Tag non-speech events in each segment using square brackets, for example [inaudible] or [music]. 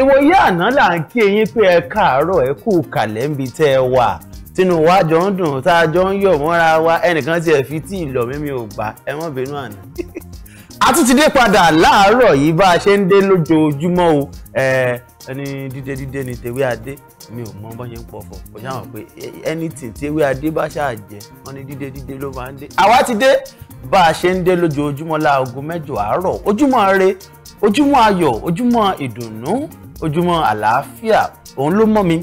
ìwòye àná là ń kí eyín pé ẹ káàárọ̀ ẹ kú kàlẹ́ níbi tẹ́ ẹ wà tínú wa jọ ń dùn tá a jọ ń yọ̀ mọ́ra wa ẹnìkan tiẹ̀ fi tí ìlọ mímí ò gbà ẹ mọ́ bínú àná. [laughs] a tún ti dé padà láàárọ̀ yìí bá a ṣe ń dé lójoojúmọ́ o ẹni dídé dídé ni tèwé adé mi ò mọ bọ́n ṣe ń pọ̀fọ̀ kò ṣáà mọ̀ pé anything tèwé adé bá ṣáà jẹ wọn ni dídé dídé ló máa ń dé. àwa ti dé bá a ṣe ń dé lójoojúmọ́ láago mẹ́jọ àárọ̀ ojúmọ́ ire ojúmọ́ ayọ̀ ojúmọ́ ìdùnnú ojúmọ́ àlàáfíà òun ló mọ́ mi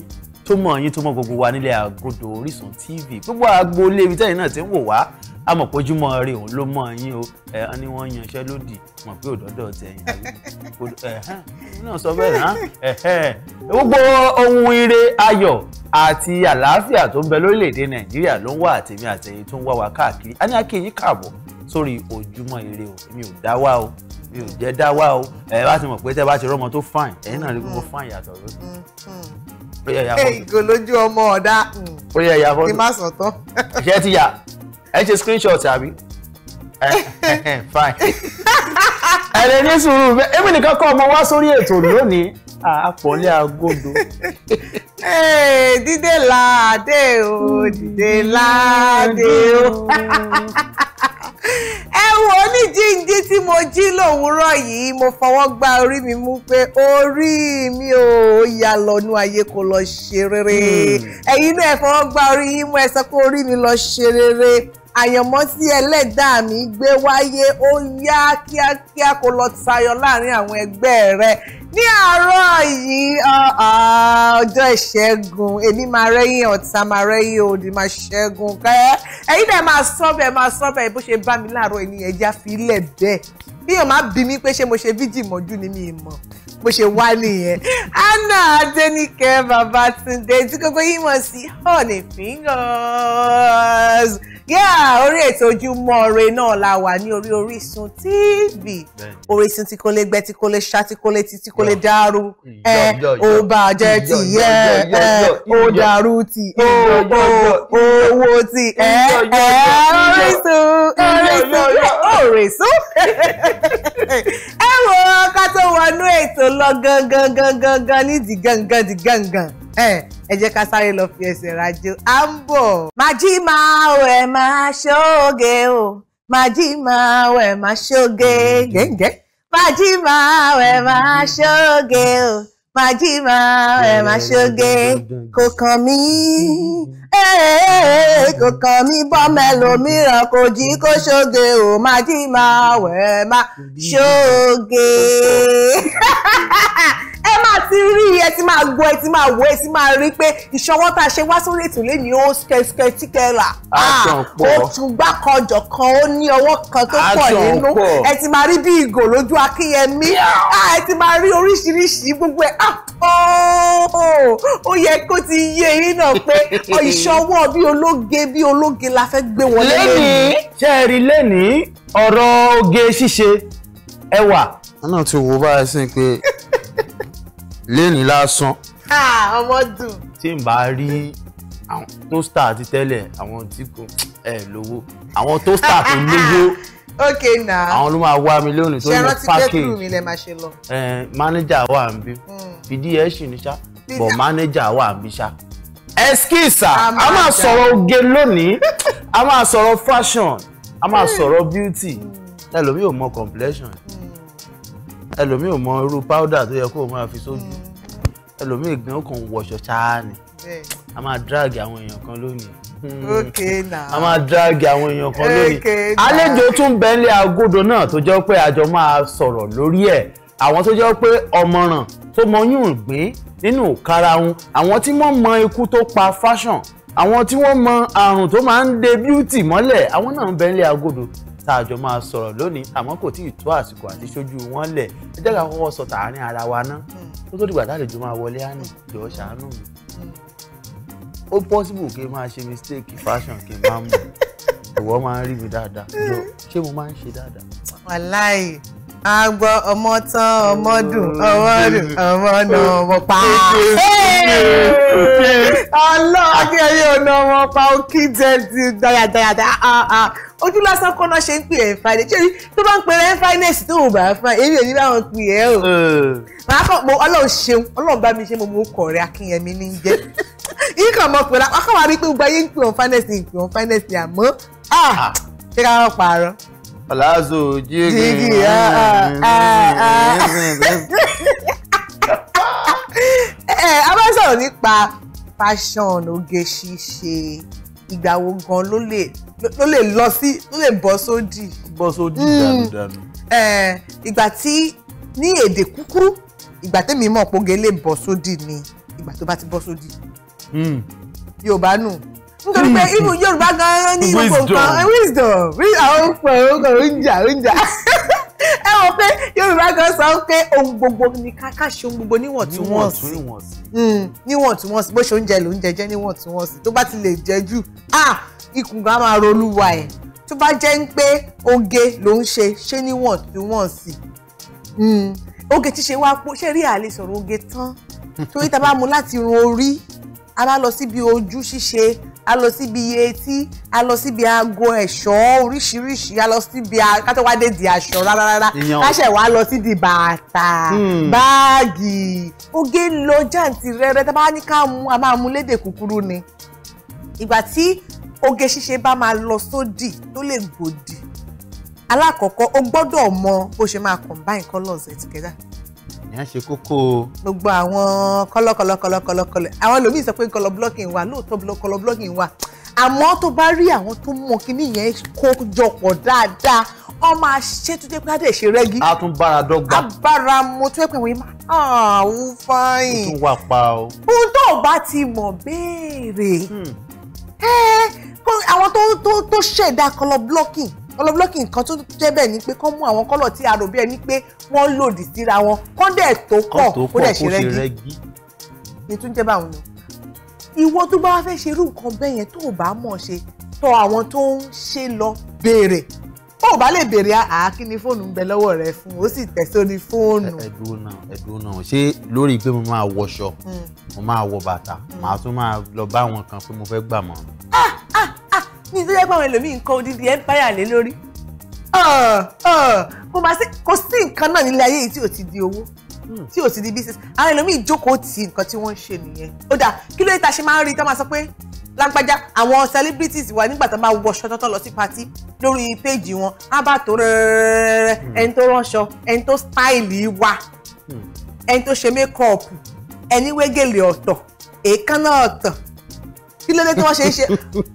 tó mọ̀ yín tó mọ̀ gbogbo wa nílé àgọ́dọ̀ Orísun TV gbogbo agboolé ibi tẹ́yìn náà ti ń wò wá àmọ́ pójúmọ́ rí òun ló mọ̀ yín o ẹ ẹ ni wọ́n yanṣẹ́ lódì mọ̀ pé òdọ́dọ̀ tẹ̀yìn náà sọ bẹ́ẹ̀ náà gbogbo ohun ire ayọ̀ àti àlàáfíà tó ń bẹ lórílẹ̀‐èdè nàìjíríà ló ń wá àtẹ̀mí àtẹ̀yìn tó ń wá wa káàkiri a ní akéyìn káàbọ̀ sórí ojúmọ́ ire o mi ò dá wá o mi ò jẹ́ dá wá o ẹ bá ti mọ̀ pé tẹ́ bá ti rọ́mọ tó fine ẹ̀yin náà rí gbogbo fine yàtọ̀ lójú. ìgò lójú ọmọ ọ̀dà kí má sọ tán. ṣé ti yà ẹ ṣe screenshot àbí fine ẹ lè ní sùúrù bẹ́ẹ̀ èmi nìkan kọ́ ọmọ wá sórí ètò lónìí àpọ̀lẹ́ agodo. dídé láàdé o dídé láàdé o ẹ wo ní jíjí tí mo jí lòwúrọ̀ yìí mo fọwọ́ gba orí mi mú pé orí mi ò yà lọ́nu ayé kò lọ ṣe rere hmm. ẹ̀yin náà ẹ fọwọ́ gba orí yín mú ẹ sọ pé orí mi lọ ṣe rere àyànmọ́ tí ẹlẹ́dàá mi gbé wáyé ó yá kíákíá kó lọ tayọ láàrin àwọn ẹgbẹ́ rẹ ní àárọ̀ yìí ah, ah, ọjọ́ ìṣẹ́gun èmi máa rẹ́yìn ọ̀tá máa rẹ́yìn òdì máa ṣẹ́gun kẹ́ ẹ̀yin náà máa sọ máa sọ bó ṣe bá mi láàárọ̀ ẹni ẹja fi lẹ̀ bẹ́ẹ̀ bíyàn má bí mi pé ṣé mo ṣe fíjì mọ́jú ni mi mọ̀ bó ṣe wá nìyẹn Anna Adéníkẹ́ Babátúndé tí gbogbo yìí mọ̀ sí honey fingers yeah orí ètò ojúmọ́ ire náà la wà ní orí Orísun TV Orísun tí kò lè gbẹ tí kò lè ṣá tí kò lè ti tí kò lè dàrú ẹ ó bàjẹ́ ti yẹ ẹ ó dàrú ti ó owó ti ẹ ẹ Orísun Orísun [laughs] Orísun ẹ wò ká tó wọnú ètò lọ gangan gangan gangan nídìí gangan dì gangan ẹ jẹ́ ká sáré lọ fi ẹsẹ̀ rájò à ń bọ̀. màjí máa wẹ̀ máa ṣóge o màjí máa wẹ̀ máa ṣóge gẹ́gẹ́ màjí máa wẹ̀ máa ṣóge o màjí máa wẹ̀ máa ṣóge kò kàn mí kò eh, kàn mí bọ́ mẹ́lòmíràn kò jí kó ṣoge ò máa jí máa wẹ̀ máa ṣoge [laughs] ẹ máa ti rí ẹ ti máa gbọ́ ẹ ti máa wò ẹ ti máa rí pé ìṣọwọ́ tá a ṣe wá sórí ètò lé ní ó skẹ́skẹ́ tíkẹ́rà ah, ó tún gbá kan jọ̀kan ó ní ọwọ́ kan tó pọ̀ nínú ẹ ti máa rí bí ìgò lójú akínyẹmí ah, ẹ ti máa rí oríṣiríṣi gbogbo ẹ ah, ó ó yẹ kó ti yé yín náà pé ìṣọwọ́ bí ológe bí ológe la fẹ́ gbé wọn lẹ́nu. lẹ́nìí ṣe é rí lẹ́nìí ọ̀rọ̀ oge ṣíṣe ẹwà. wọn náà ti wò báyìí sí pé lẹ́nìí lásán. ọmọ dùn. tí n bá rí àwọn tóstà ti tẹ́lẹ̀ àwọn tí kò ẹ̀ lówó àwọn tóstà tó lówó [laughs] ok na àwọn ló máa wá mi lónìí tó ní package ṣe rántí bẹ́ẹ̀ kúrò mi lẹ máa ṣe lọ. manager wà ń bí hmm. fìdí ẹ̀ ṣì ní ṣá bọ̀ mánéjà wà níbí ṣá. ẹskíìsà a máa sọ̀rọ̀ oge lónìí a máa sọ̀rọ̀ fashion a máa hmm. sọ̀rọ̀ beauty ẹlòmíì ò mọ complexion hmm. ẹlòmíì ò mọ irú powder tó yẹ kó o máa fi sójú hmm. ẹlòmíì gan kàn ń wọṣọ ṣáá ni a máa drag àwọn èèyàn kan lónìí. okay na a máa drag àwọn èèyàn kan lónìí. okay na àlejò tún bẹ́ńlẹ̀ agodo náà tó jẹ́ pé àjọ máa sọ̀rọ̀ lórí ẹ̀ àwọn tó jẹ́ pé ọmọràn tó mọyún gbìn nínú karahun àwọn tí wọ́n mọ ikú tó pa fashion àwọn tí wọ́n mọ àrùn tó máa ń de beauty mọ́lẹ̀ àwọn náà ń bẹ nílé agodo tá a jọ máa sọ̀rọ̀ lónìí àmọ́ kò tí ì tó àsìkò àti ṣojú wọn lẹ̀ ẹ jẹ́ ká kọ́kọ́ sọ tààrin ara wa ná tó tó dìgbà táàlejò máa wọlé àná jọ ṣàánú mi ó possible kí n máa ṣe mistake fashion kí n máa mú ìwọ máa ń rí mi dáadáa jọ ṣé mo máa ń ṣe dáadáa. wàláì agbọ́ ọmọ tán ọmọ dùn ọmọ dùn ọmọ nà ọmọ pa. ọlọ́run kí ẹyẹ ọ̀nà ọmọ pa ó kí jẹ ti dáradára ojú lásán kọ́ náà ṣe ń pè ẹ̀ fáìlẹ̀ ṣé tó bá ń pè ẹ̀ fáìlẹ̀sì tó ò bá fa èmi èmi bá wọn pè ẹ́ o. màá kàn pé ọlọ́run ṣeun ọlọ́run bá mi ṣe mo mú kọ̀ọ̀rẹ́ akínyẹmí ní jẹ́ yìí kàn mọ̀ pé wọ́n kàn wá rí pé gbogbo ayé ń pè ọ́n fáìlẹ̀sì ń pè ọ́n fáìlẹ̀sì àmọ́ ah, ṣé ká wọ́n parọ́. Palazzo ah, ah, ẹ ah. [laughs] Eh, a bá sọ̀rọ̀ nípa fashion oge ṣíṣe ìgbà wo gan ló lè ló lè lọ sí ló lè bọ́ sódì. bọ́ sódì dànùdànù. Hmm. Eh, ìgbà tí ní èdè kúkúrú ìgbà tẹ́mi mọ̀ pòge lè bọ́ sódì ni ìgbà tó bá ti bọ́ sódì. Hmm. Yorùbá nù nítorí pé ibu yorùbá gan-an ní gbogbo nǹkan wisdom eh, àwọn òpè òkò oúnjà oúnjà ẹ wọ pé yorùbá gan sọ pé ohun gbogbo ni ká ṣe ohun gbogbo níwọ̀ntúnwọ̀nsì níwọ̀ntúnwọ̀nsì hmm, bó ṣe oúnjẹ lòún jẹjẹ níwọ̀ntúnwọ̀nsì tó bá ti lè jẹ jù ikùn gan máa rolúwa ẹ̀ tó bá jẹ́ pé oge ló ń ṣe ṣé níwọ̀ntúnwọ̀nsì hmm, oge ti ṣe wá pọ̀ ṣé rí àlè sọ̀rọ̀ oge tán [laughs] torí tá a bá mú láti run orí a bá lọ síbi ojú ṣíṣe a lọ síbi etí a lọ síbi aago ẹ̀ṣọ́ oríṣiríṣi a lọ síbi kátẹ́wádé di aṣọ rárá káṣẹ̀ wá lọ sí di bàtà hmm. báàgì oge lọ jáǹtì rẹ́rẹ́ tá a bá ní ká mú a máa mú lédè kúkúrú ni ìgbà tí oge ṣíṣe bá máa lọ sódì tó lè gbòdì alákọ̀ọ́kọ́ o gbọ́dọ̀ mọ bó ṣe máa combine colours ẹ̀ together yẹn ṣe kókó. gbogbo àwọn kọlọkọlọ kọlọkọlọ kọlọ àwọn lòmíì sọ pé kọlọ blocking wà lóòótọ́ kọlọ blocking wà àmọ́ tó bá rí àwọn tó mọ kíní yẹn kó jọpọ̀ dáadáa wọ́n máa ṣe tó jẹ́ pé adé ṣe rẹ́gí. a tún bára dọ́gba. a bára mo tó pẹ̀ wọ́n máa àwọn ah, fáyìn. o tún wà pa o. ohun tó o bá ti mọ̀ béèrè. Hmm. àwọn tó ṣẹ̀dá kọlọ blocking colour blocking kan tó jẹ́ bẹ́ẹ̀ ni pé kán mú àwọn kọ́lọ̀ tí a rò bí ẹni pé wọ́n lòdì síra wọn kán dẹ̀ tó pọ̀ kó dẹ̀ ṣe rẹ́gí ni tún jẹ́ báwọn ni ìwọ tó bá fẹ́ ṣe irú nǹkan bẹ́ẹ̀ yẹn tó o bá mọ̀ ṣe tọ àwọn tó ń ṣe lọ béèrè ó bá lè béèrè àákí ni fóònù ń bẹ lọ́wọ́ rẹ fún ó sì tẹ̀ sórí fóònù. ẹ̀dùn náà ẹ̀dùn náà ṣé lórí pé mo máa wọṣọ hmm. mo máa wọ bàtà màá tún máa lọ bá àwọn kan pé mo fẹ́ gbà mọ́. Ah, ah, ah, ní ìdílé pàwọn ẹlòmíín kọ odidi empire lé lórí kò máa sí kò sí nǹkan náà nílé ayé yìí tí ò ti di owó hmm. tí ò ti di business àwọn ẹlòmíín jókòó ti nǹkan tí wọ́n ń ṣe nìyẹn ó dà kí ló yẹ ta ṣe máa ń rí tá máa sọ pé lágbájá àwọn celebrities wa nígbà tó bá wọṣọ tó tọ́ lọ sí patí lórí péjì wọn á bá tó rẹ́rẹ́rẹ́rẹ́ hmm. ẹni tó ránṣọ ẹni tó stáìlì wa hmm. ẹni tó ṣe mékọ́ọ̀pù ẹni wégèlè ọ̀tọ̀ èékánná ọ̀tọ̀ kí ló dé tí wọ́n ṣe é ṣe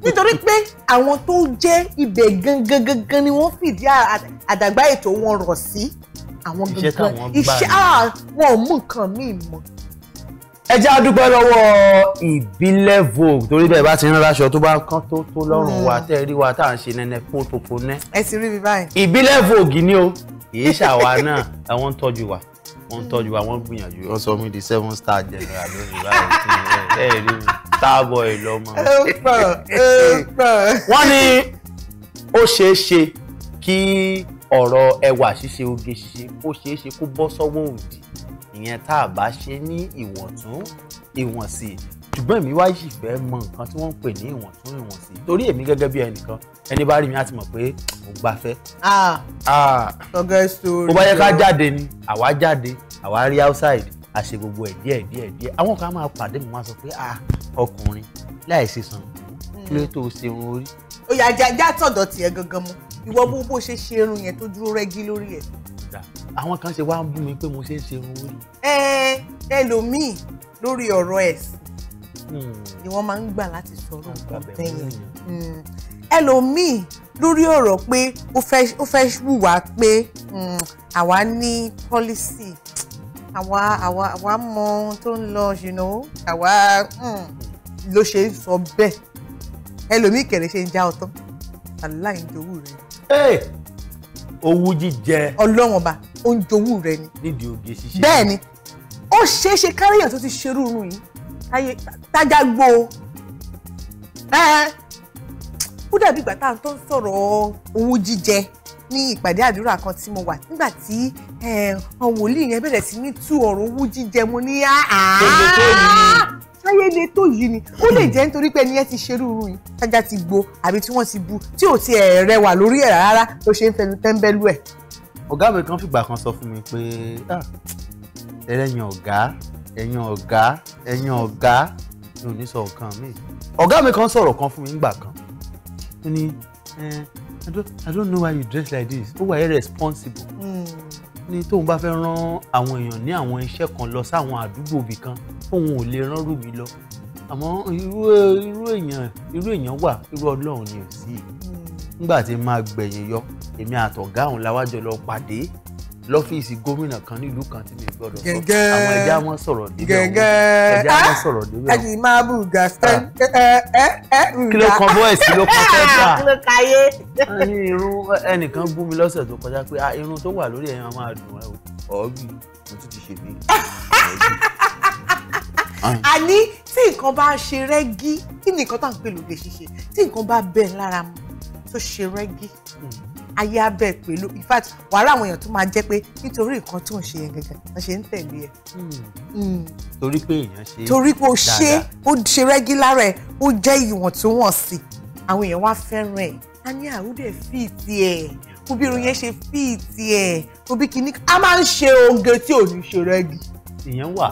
nítorí pé àwọn tó jẹ́ ibẹ̀ gangan gangan ni wọ́n fìdí àdàgbà ètò wọn rọ̀ sí àwọn gangan iṣẹ́ àwọn ah, mú nǹkan míì mọ́. ẹ jẹ́ a dúpẹ́ lọ́wọ́ ìbílẹ̀ vogue torí bẹ́ẹ̀ bá ti ń rárá aṣọ tó bá kán tó tó lọ́rùn hmm. wa tẹ́ ẹ rí wa tá à ń ṣe nẹ́nẹ́ pọ́n tó pọ́n nẹ́. ẹ ti rí mi báyìí. ìbílẹ̀ vogue ni o kì í ṣàwa náà àwọn ń tọ́jú wa wọ́n ń tọ́jú wa wọ́n gbìyànjú wọ́n sọ mí di seven star general lórí báyìí ẹ rí mi. Starboy lọ́mọ. ẹ pọ̀ ẹ pọ̀. wọ́n ní ó ṣeé ṣe kí ọ̀rọ̀ ẹwà ṣíṣe oge ṣíṣe ó ṣeé ṣe kó bọ́ sọ́wọ́ òdì ìyẹn tá a bá ṣe ní ìwọ̀ntún ìwọ̀nsì ṣùgbọ́n èmi wá yìí fẹ́ mọ nǹkan tí wọ́n ń pè ní ìwọ̀ntún ìwọ̀nsì torí èmi gẹ́gẹ́ bí ẹnìkan ẹni bá rí mi á ti mọ̀ pé mo gbafẹ́. ó bá yẹ ká jáde ni àwa jáde àwa rí outside a ṣe gbogbo ẹ̀ díẹ̀ díẹ̀ díẹ̀ àwọn kan máa pàdé mi wọ́n á sọ pé ah ọkùnrin láìsí sàn kí ló tó ṣe irun orí. ó yà já já tọ̀dọ̀ tiẹ̀ gangan mu ìwọ bó bó ṣe ṣe irun yẹn tó dúró rẹ́gí lórí ẹ̀. àwọn kan ṣe wá ń bú mi pé mo ṣe ń ṣe irun orí. ẹ ẹlòmíì lórí ọ̀rọ̀ ẹ̀sìn hmm. ni wọ́n máa ń gbà láti sọ̀rọ̀ nǹkan bẹ́yẹn hmm. ẹlòmíì lórí ọ̀rọ̀ pé ó fẹ́ wùwá pé hmm, àwa ní pọ́lísì àwa àwa àwa mọ ohun tó ń lọ ṣìnà àwa hmm, ló ṣe ń sọ bẹ́ẹ̀ ẹlòmíì kẹrẹ ṣe ń já ọtán aláì ń jowú rẹ. owú jíjẹ. ọlọ́wọ́n ọba ó ń jowú rẹ ni. nídìí oge ṣíṣe. bẹ́ẹ̀ ni ó ṣeé ṣe káríyàn tó ti ṣerú irun yìí tájá gbó ó dàbí ìgbà tá à ń tó ń sọ̀rọ̀ owú jíjẹ ní ìpàdé àdúrà kan tí mo wà nígbà tí ọ̀wòlì yẹn bẹ̀rẹ̀ sí ní tú ọ̀rọ̀ owó jíjẹ mo ní àá sáyé le tó yìí ni ó lè jẹ́ nítorí pé ẹni ẹ ti ṣerúurú yìí ṣájà ti gbo àbí tí wọ́n ti bu tí ò ti rẹwà lórí ẹ̀ rárá ló ṣe ń fẹnu tẹ́ńbẹ́lú ẹ̀. ọ̀gá mi kan fìgbà kan sọ fún mi pé ẹ̀yin ọ̀gá ẹ̀yin ọ̀gá ẹ̀yin ọ̀gá mi ò ní sọ nǹkan mi. ọ̀gá mi kan sọ̀rọ̀ kan fún mi nígbà kan ó ní I don't, I don't know why you dress like this ó wà irresponsible. Hmm. ní tóun bá fẹ́ rán àwọn èèyàn ní àwọn iṣẹ́ kan lọ sáwọn àdúgbò ibì kan fóun ò lè rán rúbi lọ àmọ́ irú irú èèyàn irú èèyàn wà irú ọlọ́run ni ò sí hmm. nígbà tí máa gbẹ̀yìn yọ èmi àtọ̀gá òun la lọ pàdé lọ́fíìsì gómìnà kan nílùú kan tí mi gbọ́dọ̀ sọ àwọn ẹja wọn sọ̀rọ̀ débẹ̀ wọn ẹja wọn sọ̀rọ̀ débẹ̀ wọn. ẹjì máa bù gà ah. ẹ ẹ ẹ kí ló kan voice ló kan fẹ́ta [laughs] kí ló kayé. ní irun ẹnìkan gún mi lọ́sẹ̀ tó kọjá pé ah, irun tó wà lórí ẹ̀yàn máa dùn ẹ́ o ọ̀ọ́bì mo tún ti ṣe mí. [laughs] àní tí nǹkan bá ṣe rẹ́gí kí nìkan tá à ń pè lòdì ṣíṣe tí nǹkan bá bẹ̀ lára mu tó ṣe rẹ́gí. Hmm ayé abẹ́ pẹ̀lú in fact wàhálà àwọn èèyàn tó máa jẹ́ pé nítorí nǹkan tó ń ṣe yẹn gẹ́gẹ́ wọ́n ṣe ń tẹ̀lé ẹ̀. Hmm. Hmm. torí pé èèyàn ṣe dáadáa torí pé o ṣe o ṣe rẹ́gílá rẹ̀ o jẹ́ ìwọ̀ntúnwọ̀nsì àwọn èèyàn wá fẹ́ràn ẹ̀ a ní àwùdẹ̀ fíìtì ẹ̀ kó bí irun yẹn ṣe fíìtì ẹ̀ kó bí kinní a máa ń ṣe oge tí ò ní ṣe rẹ́gí. ìyẹn wà.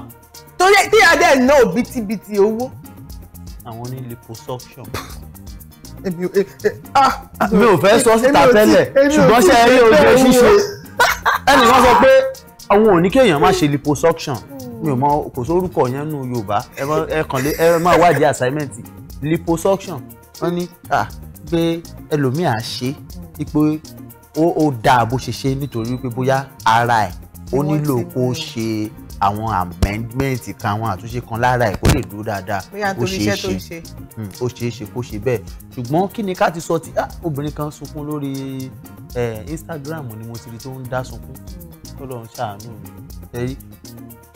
torí tí adé náà bítíbitì owó. àwọn ní liposuction. Eh, eh, ah, ah, mi ò fẹ́ sọ síta tẹ́lẹ̀ ṣùgbọ́n ṣe eré oge ṣíṣe ẹnìkan sọ pé àwọn ò ní kéèyàn má ṣe liposuction mi ò mọ kò sórúkọ yẹn nù Yorùbá ẹ kàn lé ẹ máa wádìí assignment liposuction wọ́n ní pé ẹlòmíà ṣe pé ó dáa bó ṣe ṣe nítorí pé bóyá ara ẹ̀ ó nílò kó ṣe àwọn amendment kan àwọn àtúnṣe kan lára ẹ̀ kó lè dúró dáadáa ó ṣeé ṣe hmm, ó ṣeé ṣe kó ṣe bẹ́ẹ̀ ṣùgbọ́n kí ni ká ti sọ ti ah, obìnrin kan sunkún lórí Instagram ni mo ti rí tó ń dá sunkún tó lọ ń ṣàánú mi ẹ̀rí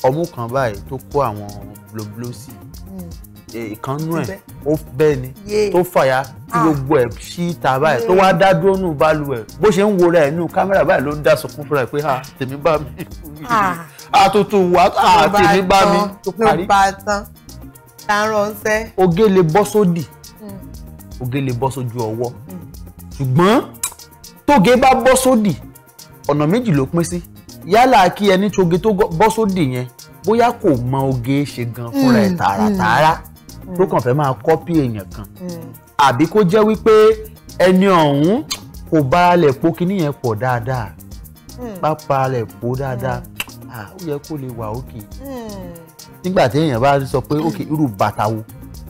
ọmú kan báyìí tó kó àwọn bloblosi hmm. ìkànnú ẹ̀ ó bẹ́ẹ̀ ni tó fàyà tí ah. gbogbo ẹ̀ ṣí ta báyìí tó wá dá dúró nù balùwẹ̀ bó ṣe ń wo rẹ̀ nù kámẹ́rà báyìí ló ń dá sunkún fúnra ẹ̀ pé ha tèmi bá mi ah àtútù wà àti mi bá mi. tòpin bá a tán tá a ránṣẹ́. oge le bọ́ sódì hmm. oge le bọ́ sójú ọwọ́ hmm. ṣùgbọ́n tóge bá bọ́ sódì ọ̀nà méjì ló pín sí yálà kí ẹni tóge tó bọ́ sódì yẹn bóyá kò mọ oge ṣe gan hmm. fúnra ẹ̀ tààràtààrà tó kàn fẹ́ máa kọ́pì èèyàn kan àbí kó jẹ́ wípé ẹni ọ̀hún kò bá alẹ̀ po kíní yẹn pọ̀ dáadáa bá pa alẹ̀ po dáadáa Ah, ó yẹ kó lè wà òkè hmm. nígbà tí èèyàn bá sọ pé òkè irú bàtà wo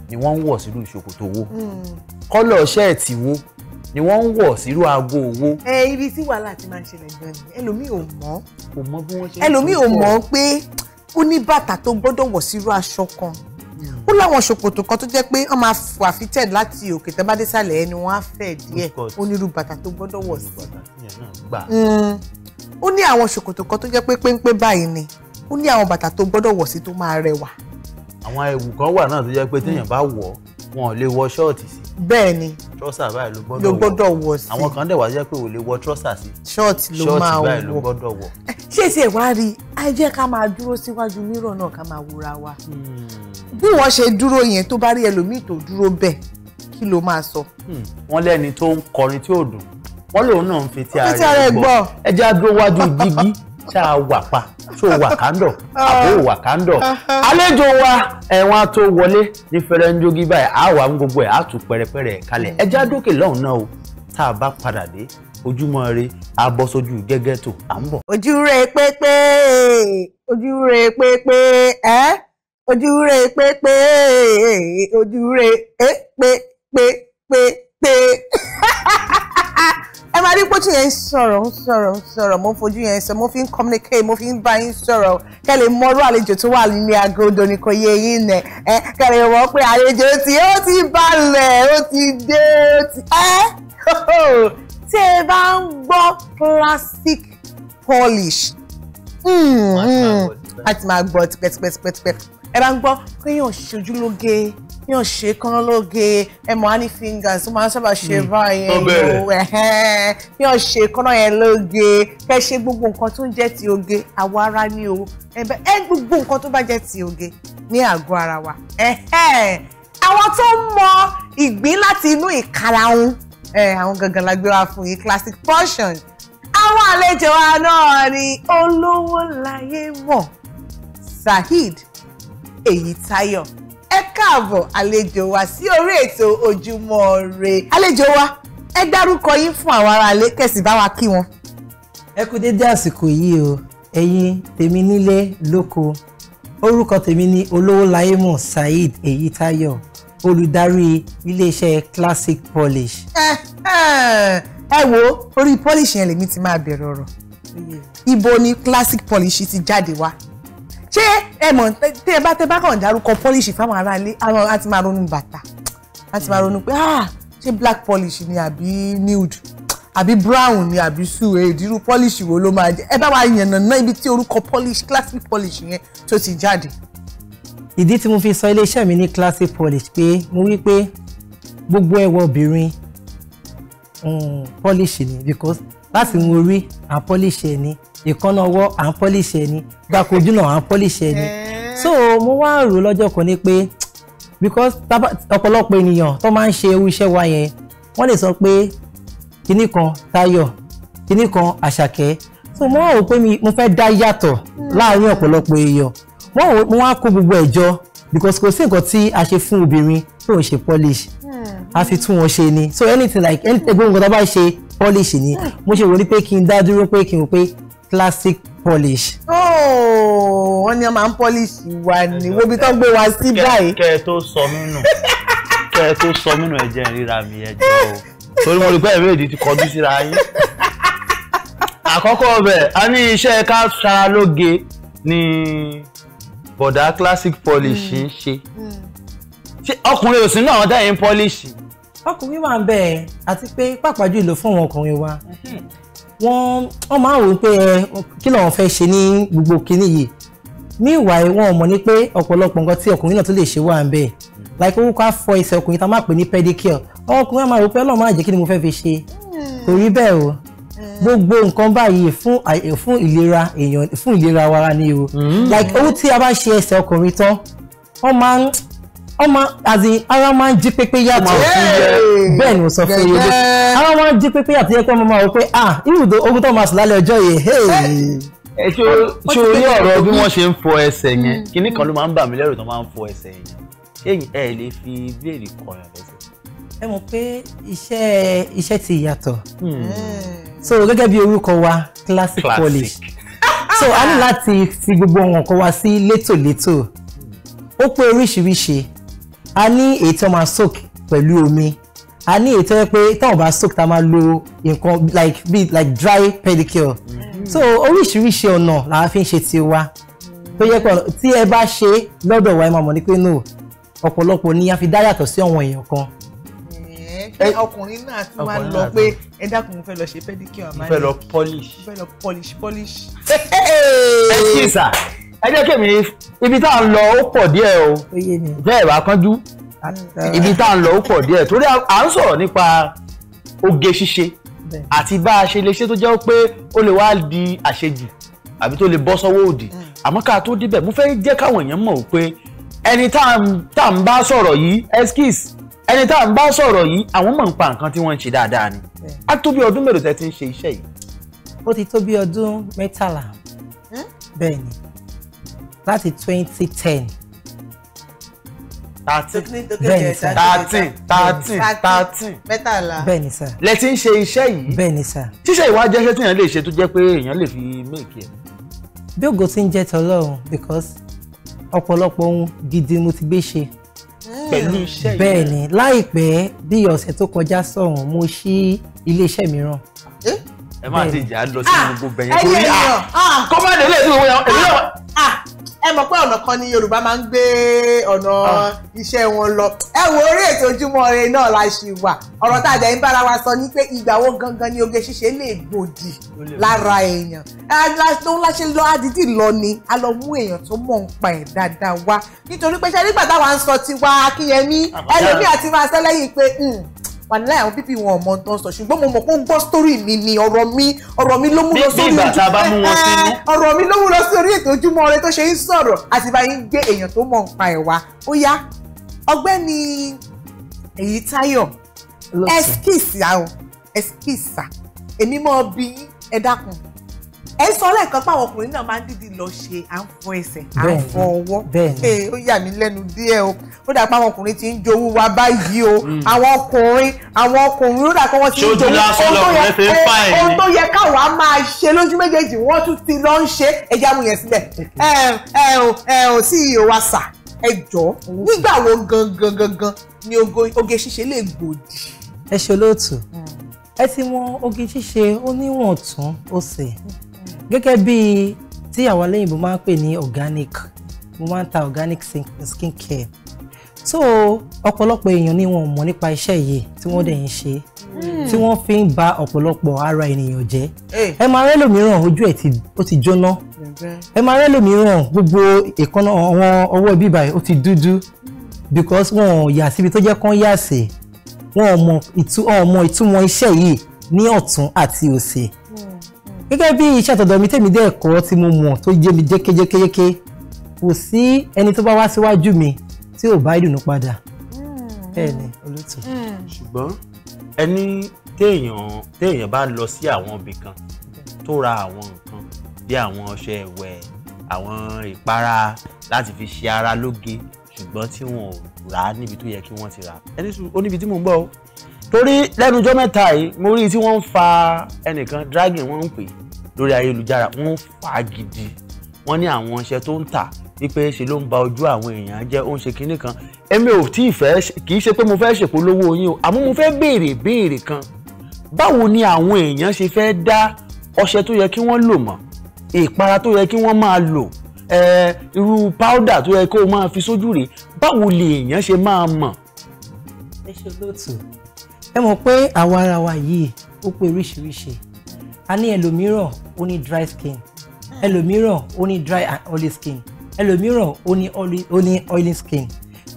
ni wọ́n ń wọ̀ sírú ìṣòkòtò wo kọ́lọ̀ hmm. ṣẹ́ẹ̀tì wo ni wọ́n ń wọ̀ sírú aago owó. ẹ ibi tí wàhálà ti máa ń ṣẹlẹ̀ gan ni ẹlòmíì ò mọ̀ kò mọ̀ bí wọ́n ṣe ń ẹlòmíì ò mọ̀ pé ó ní bàtà tó gbọ́dọ̀ wọ̀ sírú aṣọ kan hmm. ó láwọn ṣòkòtò kan tó jẹ́ pé wọ́n máa fò àfitẹ́ láti òkè tẹ́ bá ẹni wọ́n á fẹ̀ díẹ̀ onírú tó gbọ́dọ̀ wọ̀ sí ó ní àwọn ṣòkòtò kan tó jẹ́ pé péńpé báyìí ni ó ní àwọn bàtà tó gbọ́dọ̀ wọ̀ sí tó máa rẹwà. àwọn ẹ̀wù kan wà náà tó jẹ́ pé téèyàn bá wọ̀ wọn ò lè wọ ṣọ́ọ̀tì sí. bẹ́ẹ̀ ni trọ́sà báyìí ló gbọ́dọ̀ wọ̀ sí. àwọn kan dẹ̀ wá jẹ́ pé ò lè wọ trọ́sà sí. ṣọ́ọ̀tì ló máa wọ̀ ṣọ́ọ̀tì báyìí ló gbọ́dọ̀ wọ̀. Eh, ṣé ti ẹ̀ wá rí i á jẹ́ ká máa dúró síwájú mírọ̀ náà ká máa wúra wa. Hmm. bí wọ́n ṣe dúró yẹn tó bá rí ẹlòmíì tó dúró bẹ́ẹ̀ kí ló máa sọ. Hmm. wọ́n lẹ́ni tó ń kọrin tí ò dùn wọ́n lòun náà ń a ara ẹ̀ gbọ́ ẹ jẹ́ wájú dígí tá a wà pa tó wà kándọ̀ àbó wà kándọ̀ ah. àlejò wa ẹ̀wọ̀n tó wọlé ní fẹrẹ́ńdógí báyìí a wà ń gbogbo ẹ̀ a pẹ̀rẹ̀pẹ̀rẹ̀ kalẹ̀ bá padà dé ojúmọ́ bọ́ sójú gẹ́gẹ́ tó à ń bọ̀. ojú pépé ojú pépé ojú [laughs] ẹ máa rí pójú yẹn ń sọ̀rọ̀ ń sọ̀rọ̀ ń sọ̀rọ̀ mo ń fojú yẹn sọ mo fi ń communicate mo fi ń bá yín sọ̀rọ̀ kẹ́ lè mọrú àlejò tó wà ní agodo ní kò yé yín nẹ̀ ẹ kẹ́ lè wọ́n pé àlejò tí ó ti balẹ̀ ó ti dé ó ti ẹ́ tí ẹ bá ń gbọ́ plastic polish àti hmm, hmm, máa gbọ́ tipẹ́tipẹ́tipẹ́ ẹ bá ń gbọ́ kéèyàn ṣojúlóge mi ò ṣe kán lóge ẹ mọ̀ á fingers ó máa ń sábà ṣe hmm. báyẹn o mi ò ṣe kán yẹn lóge kẹ ṣe gbogbo nǹkan tó ń jẹ́ ti oge àwọ̀ ara ni o ẹ gbogbo nǹkan tó bá jẹ́ ti oge ní àgọ́ ara wa àwọn tó ń mọ ìgbín láti inú ìkarahun àwọn gangan la gbé wá fún yín classic portion àwọn àlejò wa náà ni olówó láyé mọ̀ Saheed Èyítáyọ̀. E ẹ káàbọ̀ àlejò wa sí orí ètò ojúmọ́ ire àlejò wa ẹ dárúkọ yín fún àwọn aráalé kẹsì bá wa kí wọn. ẹ kú dédé àsìkò yìí o ẹ̀yin tèmi nílé lóko orúkọ tèmi ni Olówóláyémọ̀ Saheed Èyítáyọ̀ olùdarí iléeṣẹ́ classic polish. ẹ ẹ ẹ wo orí polish yẹn lèmi ti máa bẹ̀rẹ̀ ọ̀rọ̀ ibo ni classic polish ti jáde wá ṣé ẹ mọ̀ tẹ́ ẹ bá tẹ́ bá kàn dárúkọ pọ́líṣì fáwọn aráalé àwọn àti máa ronú bàtà àti máa ronú pé ah ṣé black polish ni àbí nude àbí brown ni àbí sue ìdírú polish wo ló máa jẹ ẹ bá wa yànnàná ibi tí orúkọ polish classic polish yẹn tó ti jáde. ìdí tí mo fi sọ iléeṣẹ́ mi ní classic polish pé mo wí pé gbogbo ẹwà obìnrin mm, polish ni because láti mú orí àpọ́líṣ ni ìkànnà ọwọ́ à ń pọ́líṣì ẹni gbàkojú náà à ń pọ́líṣì ẹni eh. so mo wá rò lọ́jọ́ kan ní pé because ọ̀pọ̀lọpọ̀ ènìyàn tó máa ń ṣe ewu iṣẹ́ wa yẹn wọ́n lè sọ pé kinní kan Táyọ̀ kinní kan Àṣàkẹ́ so mo wá rò pé mo fẹ́ dá yàtọ̀ hmm. láàárín ọ̀pọ̀lọpọ̀ èèyàn mo wá kó gbogbo ẹ̀ jọ because kò sí nǹkan tí a ṣe fún obìnrin tó ń ṣe polish hmm. a fi tún wọn ṣe ni so anything like anything gbogbo nǹkan tó bá ṣe polish ni hmm. mo ṣe wò ní pé kí n dá dúró pé kí n wò pé plastic polish. Oh, wọ́n ní a máa ń polish wa ni wo ibi tó gbé wa sí báyìí. kẹ ẹ tó sọ mí nù ẹ tó sọ mí ẹ̀jẹ̀ ríra mi ẹ̀jẹ̀ o torí mo rí pé ẹ̀rọ èdè ti kọjú síra yín. àkọ́kọ́ ọbẹ̀ a ní iṣẹ́ ká ṣara lóge ni bọ̀dá classic polish hmm. ń ṣe hmm. ṣé ọkùnrin òsín náà dá polish. ọkùnrin wà ń bẹ̀ àti pé pàápàá jùlọ fún àwọn ọkùnrin wa hmm wọ́n wọ́n máa ń rò pé ẹ eh, kí lòun fẹ́ ṣe ní gbogbo kinní yìí meanwhile wọ́n mọ̀ ní pé ọ̀pọ̀lọpọ̀ nǹkan tí ọkùnrin náà tó lè ṣe wà ń bẹ̀ like owó ká fọ ẹsẹ̀ ọkùnrin tá a máa pè ní pedicure ọkùnrin máa rò pé ọlọ́run máa jẹ́ kí ni mo fẹ́ fi ṣe kò rí bẹ́ẹ̀ o gbogbo nǹkan báyìí fún eh, fún ìlera èèyàn fún ìlera wa ni o hmm. like owó tí a bá ṣe ẹsẹ̀ ọkùnrin tán wọ́n máa ń ọmọ àti ara máa ń jí pépé yàtọ̀ bẹ́ẹ̀ ni mo sọ fún yín ara máa ń jí pépé yàtọ̀ yẹ kí wọ́n máa wọ pé ah irú ogun tó máa sùn lálẹ́ ọjọ́ yìí ṣe orí ọ̀rọ̀ bí wọ́n ṣe ń fọ ẹsẹ̀ yẹn mm. kinní kan ló máa ń bà mí lẹ́rù tó máa ń fọ ẹsẹ̀ yẹn ẹ lè fi béèrè kọyàn lẹ́sẹ̀. ẹ mọ̀ pé iṣẹ́ iṣẹ́ ti yàtọ̀ hmm. mm. so gẹ́gẹ́ bí orúkọ wa classic polish so a ní láti fi gbogbo wọn kọ wa sí létòlétò hmm. ó pé oríṣiríṣi a ní èyí tí wọ́n máa soak pẹ̀lú omi a ní èyí tí wọ́n pé táwọn bá soak tá a máa lo nǹkan like be like dry pedicure mm. so oríṣiríṣi ọ̀nà làwọn fi ń ṣe tiwa tó yẹ pé tí ẹ bá ṣe lọ́dọ̀ wa ẹ máa mọ̀ ní pé no ọ̀pọ̀lọpọ̀ ni a fi dá yàtọ̀ sí àwọn èèyàn kan eh, eh, ọkùnrin náà tún máa ń lọ pé ẹ dákun mo fẹ́ lọ ṣe pedicure àmàlẹ́ mo fẹ́ lọ polish mo fẹ́ lọ polish polish. ẹ kí sà ẹ jẹ́ kí èmi ibi tá à ń lọ ó pọ̀ díẹ̀ o ìfẹ́ ẹ̀ bá kánjú ibi tá à ń lọ ó pọ̀ díẹ̀ torí à ń sọ̀rọ̀ nípa oge ṣíṣe àti bá a ṣe lè ṣe tó jẹ́ pé ó lè wá di àṣejù àbí tó lè bọ́ sọ́wọ́ òdì mm. àmọ́ ká tó débẹ̀ mo fẹ́ jẹ́ káwọn èèyàn mọ̀ pé ẹni tá à ń bá sọ̀rọ̀ yìí excuse ẹni tá à ń bá sọ̀rọ̀ yìí àwọn mọ̀ ń pa nǹkan tí wọ́n ń ṣe dáadáa ni á tó bí ọdún mélòó tẹ́ ti ń ṣe iṣẹ́ yìí. ó ti tó bí ọdún mẹ́tàlá hmm? bẹ́ẹ̀ ni láti twenty ten. thirteen bẹ́ẹ̀ni sà thirteen thirteen thirteen mẹ́tàlá. bẹ́ẹ̀ni sà. lẹ ti ń ṣe iṣẹ́ yìí. bẹ́ẹ̀ni sà. ṣíṣe ìwà jẹ́ iṣẹ́ tí èèyàn lè ṣe tó jẹ́ pé èèyàn lè fi méèkì ẹ̀. bí ògo ti ń jẹ́ tọ́lọ́run because ọ̀pọ̀lọpọ̀ ohun gidi mo ti gbé ṣe. pẹ̀lú iṣẹ́ yìí. bẹ́ẹ̀ni láìpẹ́ bí ọ̀sẹ̀ tó kọjá sọ̀hún mo ṣí iléeṣẹ́ mìíràn eh? ẹ máa ti jà lọ sí ah! gbogbo bẹyẹn torí kọ́mọ̀dé lè tún wọ́n èmi náà ah! Ah! ẹ mọ̀ pé ọ̀nà kan ni Yorùbá máa ń gbé ọ̀nà ah. iṣẹ́ wọn lọ ẹ wo orí ètò Ojúmọ́ Ire náà la ṣì wà ọ̀rọ̀ tá a jẹ́ ń bára wa sọ ni pé ìgbà wo gangan ni oge ṣíṣe lè gbòdì lára èèyàn tó ńlá ṣe lọ àdídì lọ ni a lọ mú èèyàn tó mọ̀ ń pa ẹ̀ dáadáa wá nítorí pé ṣe nígbà táwa ń sọ tiwa Akínyẹmí ẹlòmíà ti máa sẹ́lẹ̀yìn pé hmm, wàhálà àwọn pípì wọn ọmọ tó ń sọ ṣùgbọ́n mo mọ̀ pé ń gbọ́ sítórì mi ni ọ̀rọ̀ mi ọ̀rọ̀ mi ló mú lọ sórí ojú eh, ọ̀rọ̀ mi ló mú lọ sórí ètò ojúmọ́ ire tó ṣe ń sọ̀rọ̀ àti bá yín gbé èèyàn tó mọ̀ nípa ẹ̀ wá ó yá ọgbẹ́ni èyí táyọ̀ ẹskíìsì àwọn ẹskíìsà èmi mọ̀ bí ẹ dákun ẹ sọ lẹ́ẹ̀kan pé àwọn ọkùnrin náà máa ń dídì lọ ṣe à ń fọ ẹsẹ̀ à ń fọ ọwọ́ ee ó yà mí lẹ́nu díẹ̀ o ó dà pé àwọn ọkùnrin ti ń jowú wa báyìí o mm. àwọn ọkùnrin àwọn ọkùnrin ó dà pé wọ́n ti ń jowú ohun tó yẹ káwa máa ṣe lójú méjèèjì wọ́n tún ti lọ ń ṣe ẹja mu yẹn sílẹ̀ [laughs] ẹ ẹ ẹ ò sí ìyè wa sà ẹ jọ mm. nígbà wo gangan gangan ni oge ṣíṣe lè gbòdì. ẹ ṣe olóòtú mm. ẹ ti mọ oge ṣíṣe ó níwọ̀n gẹ́gẹ́ bí tí àwọn aléyìnbó máa ń pè ní organic mo máa ń ta organic skin care so ọ̀pọ̀lọpọ̀ èèyàn ni wọn ò mọ̀ nípa iṣẹ́ yìí tí wọ́n dẹ̀ ń ṣe hmm. tí wọ́n fi ń ba ọ̀pọ̀lọpọ̀ ara ènìyàn jẹ́ eh. ẹ máa rẹ́ lòmíràn ojú ẹ̀ ó ti jóná ẹ máa rẹ́ lòmíràn gbogbo ìkànnà àwọn ọwọ́ bíbà ó ti dúdú because wọn ò yà síbi tó jẹ́ kán yà sí wọn mọ̀ ìtumọ̀ iṣẹ́ yìí ní ọ̀tún àti òsì gẹ́gẹ́ bí iṣẹ́ tọ̀dọ̀ mi tèmi dé ẹ̀kọ́ tí mo mọ̀ tó yé mi jékéjékéjéké kò sí ẹni tó bá wá síwájú mi tí ò bá ìdùnnú padà hmm. bẹ́ẹ̀ ni olóòtú. Hmm. ṣùgbọ́n ẹni téèyàn bá lọ sí àwọn ibì kan tó ra àwọn nǹkan bí àwọn ọṣẹ ìwẹ̀ àwọn ìpara láti fi ṣe ara lóge ṣùgbọ́n tí wọn ò rà á níbi tó yẹ kí wọ́n ti rà ẹni sùn ó níbi tí mò ń bọ̀ torí lẹ́nujọ́ mẹ́ta yìí mo rí i tí wọ́n ń fa ẹnìkan dragon, wọ́n ń pè lórí ayélujára wọ́n ń fà á gidi wọ́n ní àwọn iṣẹ́ tó ń tà wípé ṣe ló ń ba ojú àwọn èèyàn jẹ́ ó ń ṣe kinní kan èmi ò tí ì fẹ́ kì í ṣe pé mo fẹ́ ṣèpolówó yín o àmọ́ mo fẹ́ béèrè béèrè kan báwo ni àwọn èèyàn ṣe fẹ́ dá ọṣẹ tó yẹ kí wọ́n lò mọ̀ ìpara tó yẹ kí wọ́n máa lò irú powder tó yẹ kó o máa fi sójú rè báwo lè èèyàn ṣe máa mọ̀. ẹ ṣe lóòtú ẹ mọ̀ pé àwọ̀ ara wa yìí ó pé oríṣiríṣi a ní ẹlòmíràn ó ní dry skin ẹlòmíràn ó ní dry and oily skin ẹlòmíràn ó ní oily skin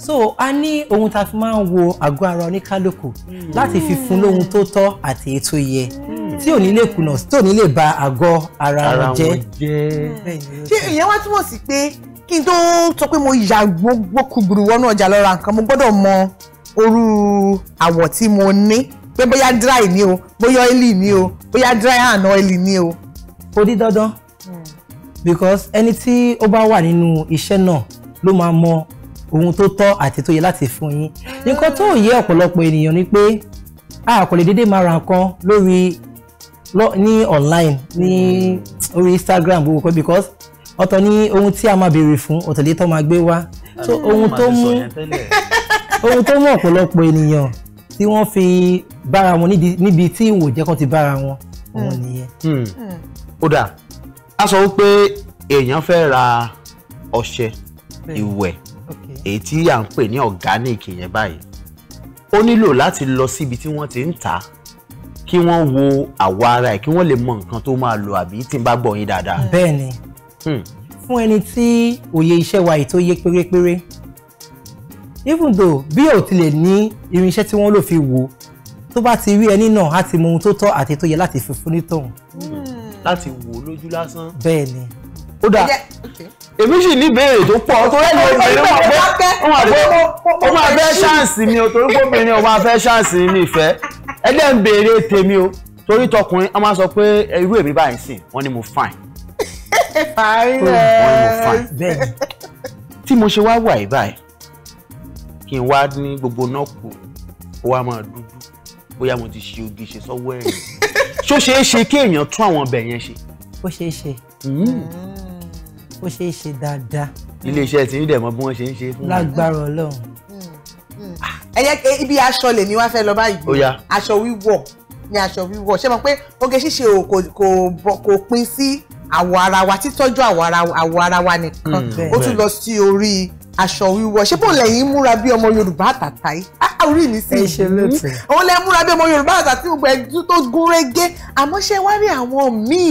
so a ní ohun tá a fi máa ń wo àgọ́ ara oníkálukú hmm. láti fi fún lóhun tó tọ́ àti èyí tó yẹ hmm. tí ò ní lè kùnà tí ò ní lè ba àgọ́ ara wọn jẹ́. ṣé ìyẹn wá túmọ̀ sí pé kí n tó sọ pé mo yà gbogbo wọnú ọjà lọ nǹkan mo gbọ́dọ̀ mọ orú àwọ̀ tí mo ní pé bóyá dry ni o bóyá oily ni o bóyá dry and oily ni o. kò di dandan hmm. because ẹni tí ó bá wà nínú iṣẹ́ náà ló máa mọ ohun tó tọ́ àti tó yẹ láti fún yín nǹkan tó yẹ ọ̀pọ̀lọpọ̀ ènìyàn ni pé a kò lè dédé máa ra nǹkan lórí ní online ní hmm. orí Instagram gbogbo pé because ọ̀tọ̀ ni ohun tí a máa béèrè fún ọ̀tọ̀ lè tó máa gbé wá so ohun tó mú [laughs] ohun tó mú ọ̀pọ̀lọpọ̀ ènìyàn tí wọ́n fi bára wọn níbi tí ìwò jẹ́ kan ti bára wọn òun hmm. nìyẹn. Hmm. Hmm. ó dà á sọ wípé èèyàn fẹ́ ra ọṣẹ ìwẹ̀ èyí tí à ń pè ní organic yẹn báyìí ó nílò láti lọ síbi tí wọ́n ti ń tà á kí wọ́n wo àwọ̀ ara ẹ̀ kí wọ́n lè mọ nǹkan tó máa lò àbí tí n bá gbọ́ yín dáadáa. bẹ́ẹ̀ ni fún ẹni tí òye iṣẹ́ wa yìí tó yé pérépéré even though bí o ti lè ní irinṣẹ́ tí wọ́n lò fi wò tó bá ti rí ẹni náà á ti mọ ohun tó tọ́ àti tó yẹ láti fi fún nítòhún. Hmm. láti wò lójú lásán. bẹ́ẹ̀ ni. ó dà èmi sì ní ìbéèrè tó pọ̀ tó ń lo ìbéèrè wọn pé ó máa fẹ́ ṣáǹsì mi o torí gómìnir ó máa fẹ́ ṣáǹsì mi ìfẹ́ ẹ jẹ́ ń béèrè tèmi o torí tọkùnrin a máa sọ pé irú èmi báyìí sìn wọ́n ní mo fine. [laughs] fine. wọ́n ní mo fine. bẹ́ẹ̀ ni tí mo ṣe wá wà yìí báyìí kí n wá ní gbogbo náà kù kó wá máa dúdú bóyá mo ti ṣe ogi ṣe sọ́wọ́ ẹ̀yìn ṣó ṣeé ṣe kí èèyàn tún àwọn ọbẹ̀ yẹn ṣe. ó ṣeé ṣe hmm. ó ṣeé ṣe dáadáa. iléeṣẹ́ tí ń dẹ̀ mọ́ bí wọ́n ṣe ń ṣe fún wa. lágbára ọlọ́run. ẹ jẹ́ ibi aṣọ lè ní wá fẹ́ lọ báyìí aṣọ wíwọ̀ ni aṣọ wíwọ̀ ṣé mo pé oge ṣíṣe kò pín sí àwọ̀ ara wa títọ́jú àwọ̀ ara wa nìkan hmm. ó tún lọ sí orí aṣọ wíwọ ṣé bó lẹ́yìn múra bí ọmọ yorùbá àtàtà yìí ah, ah, orí mi sì ṣe lóòtọ́ òun lẹ múra bí ọmọ yorùbá àtàtà gbogbo ẹjú tó gún régé àmọ́ ṣé wá rí àwọn míì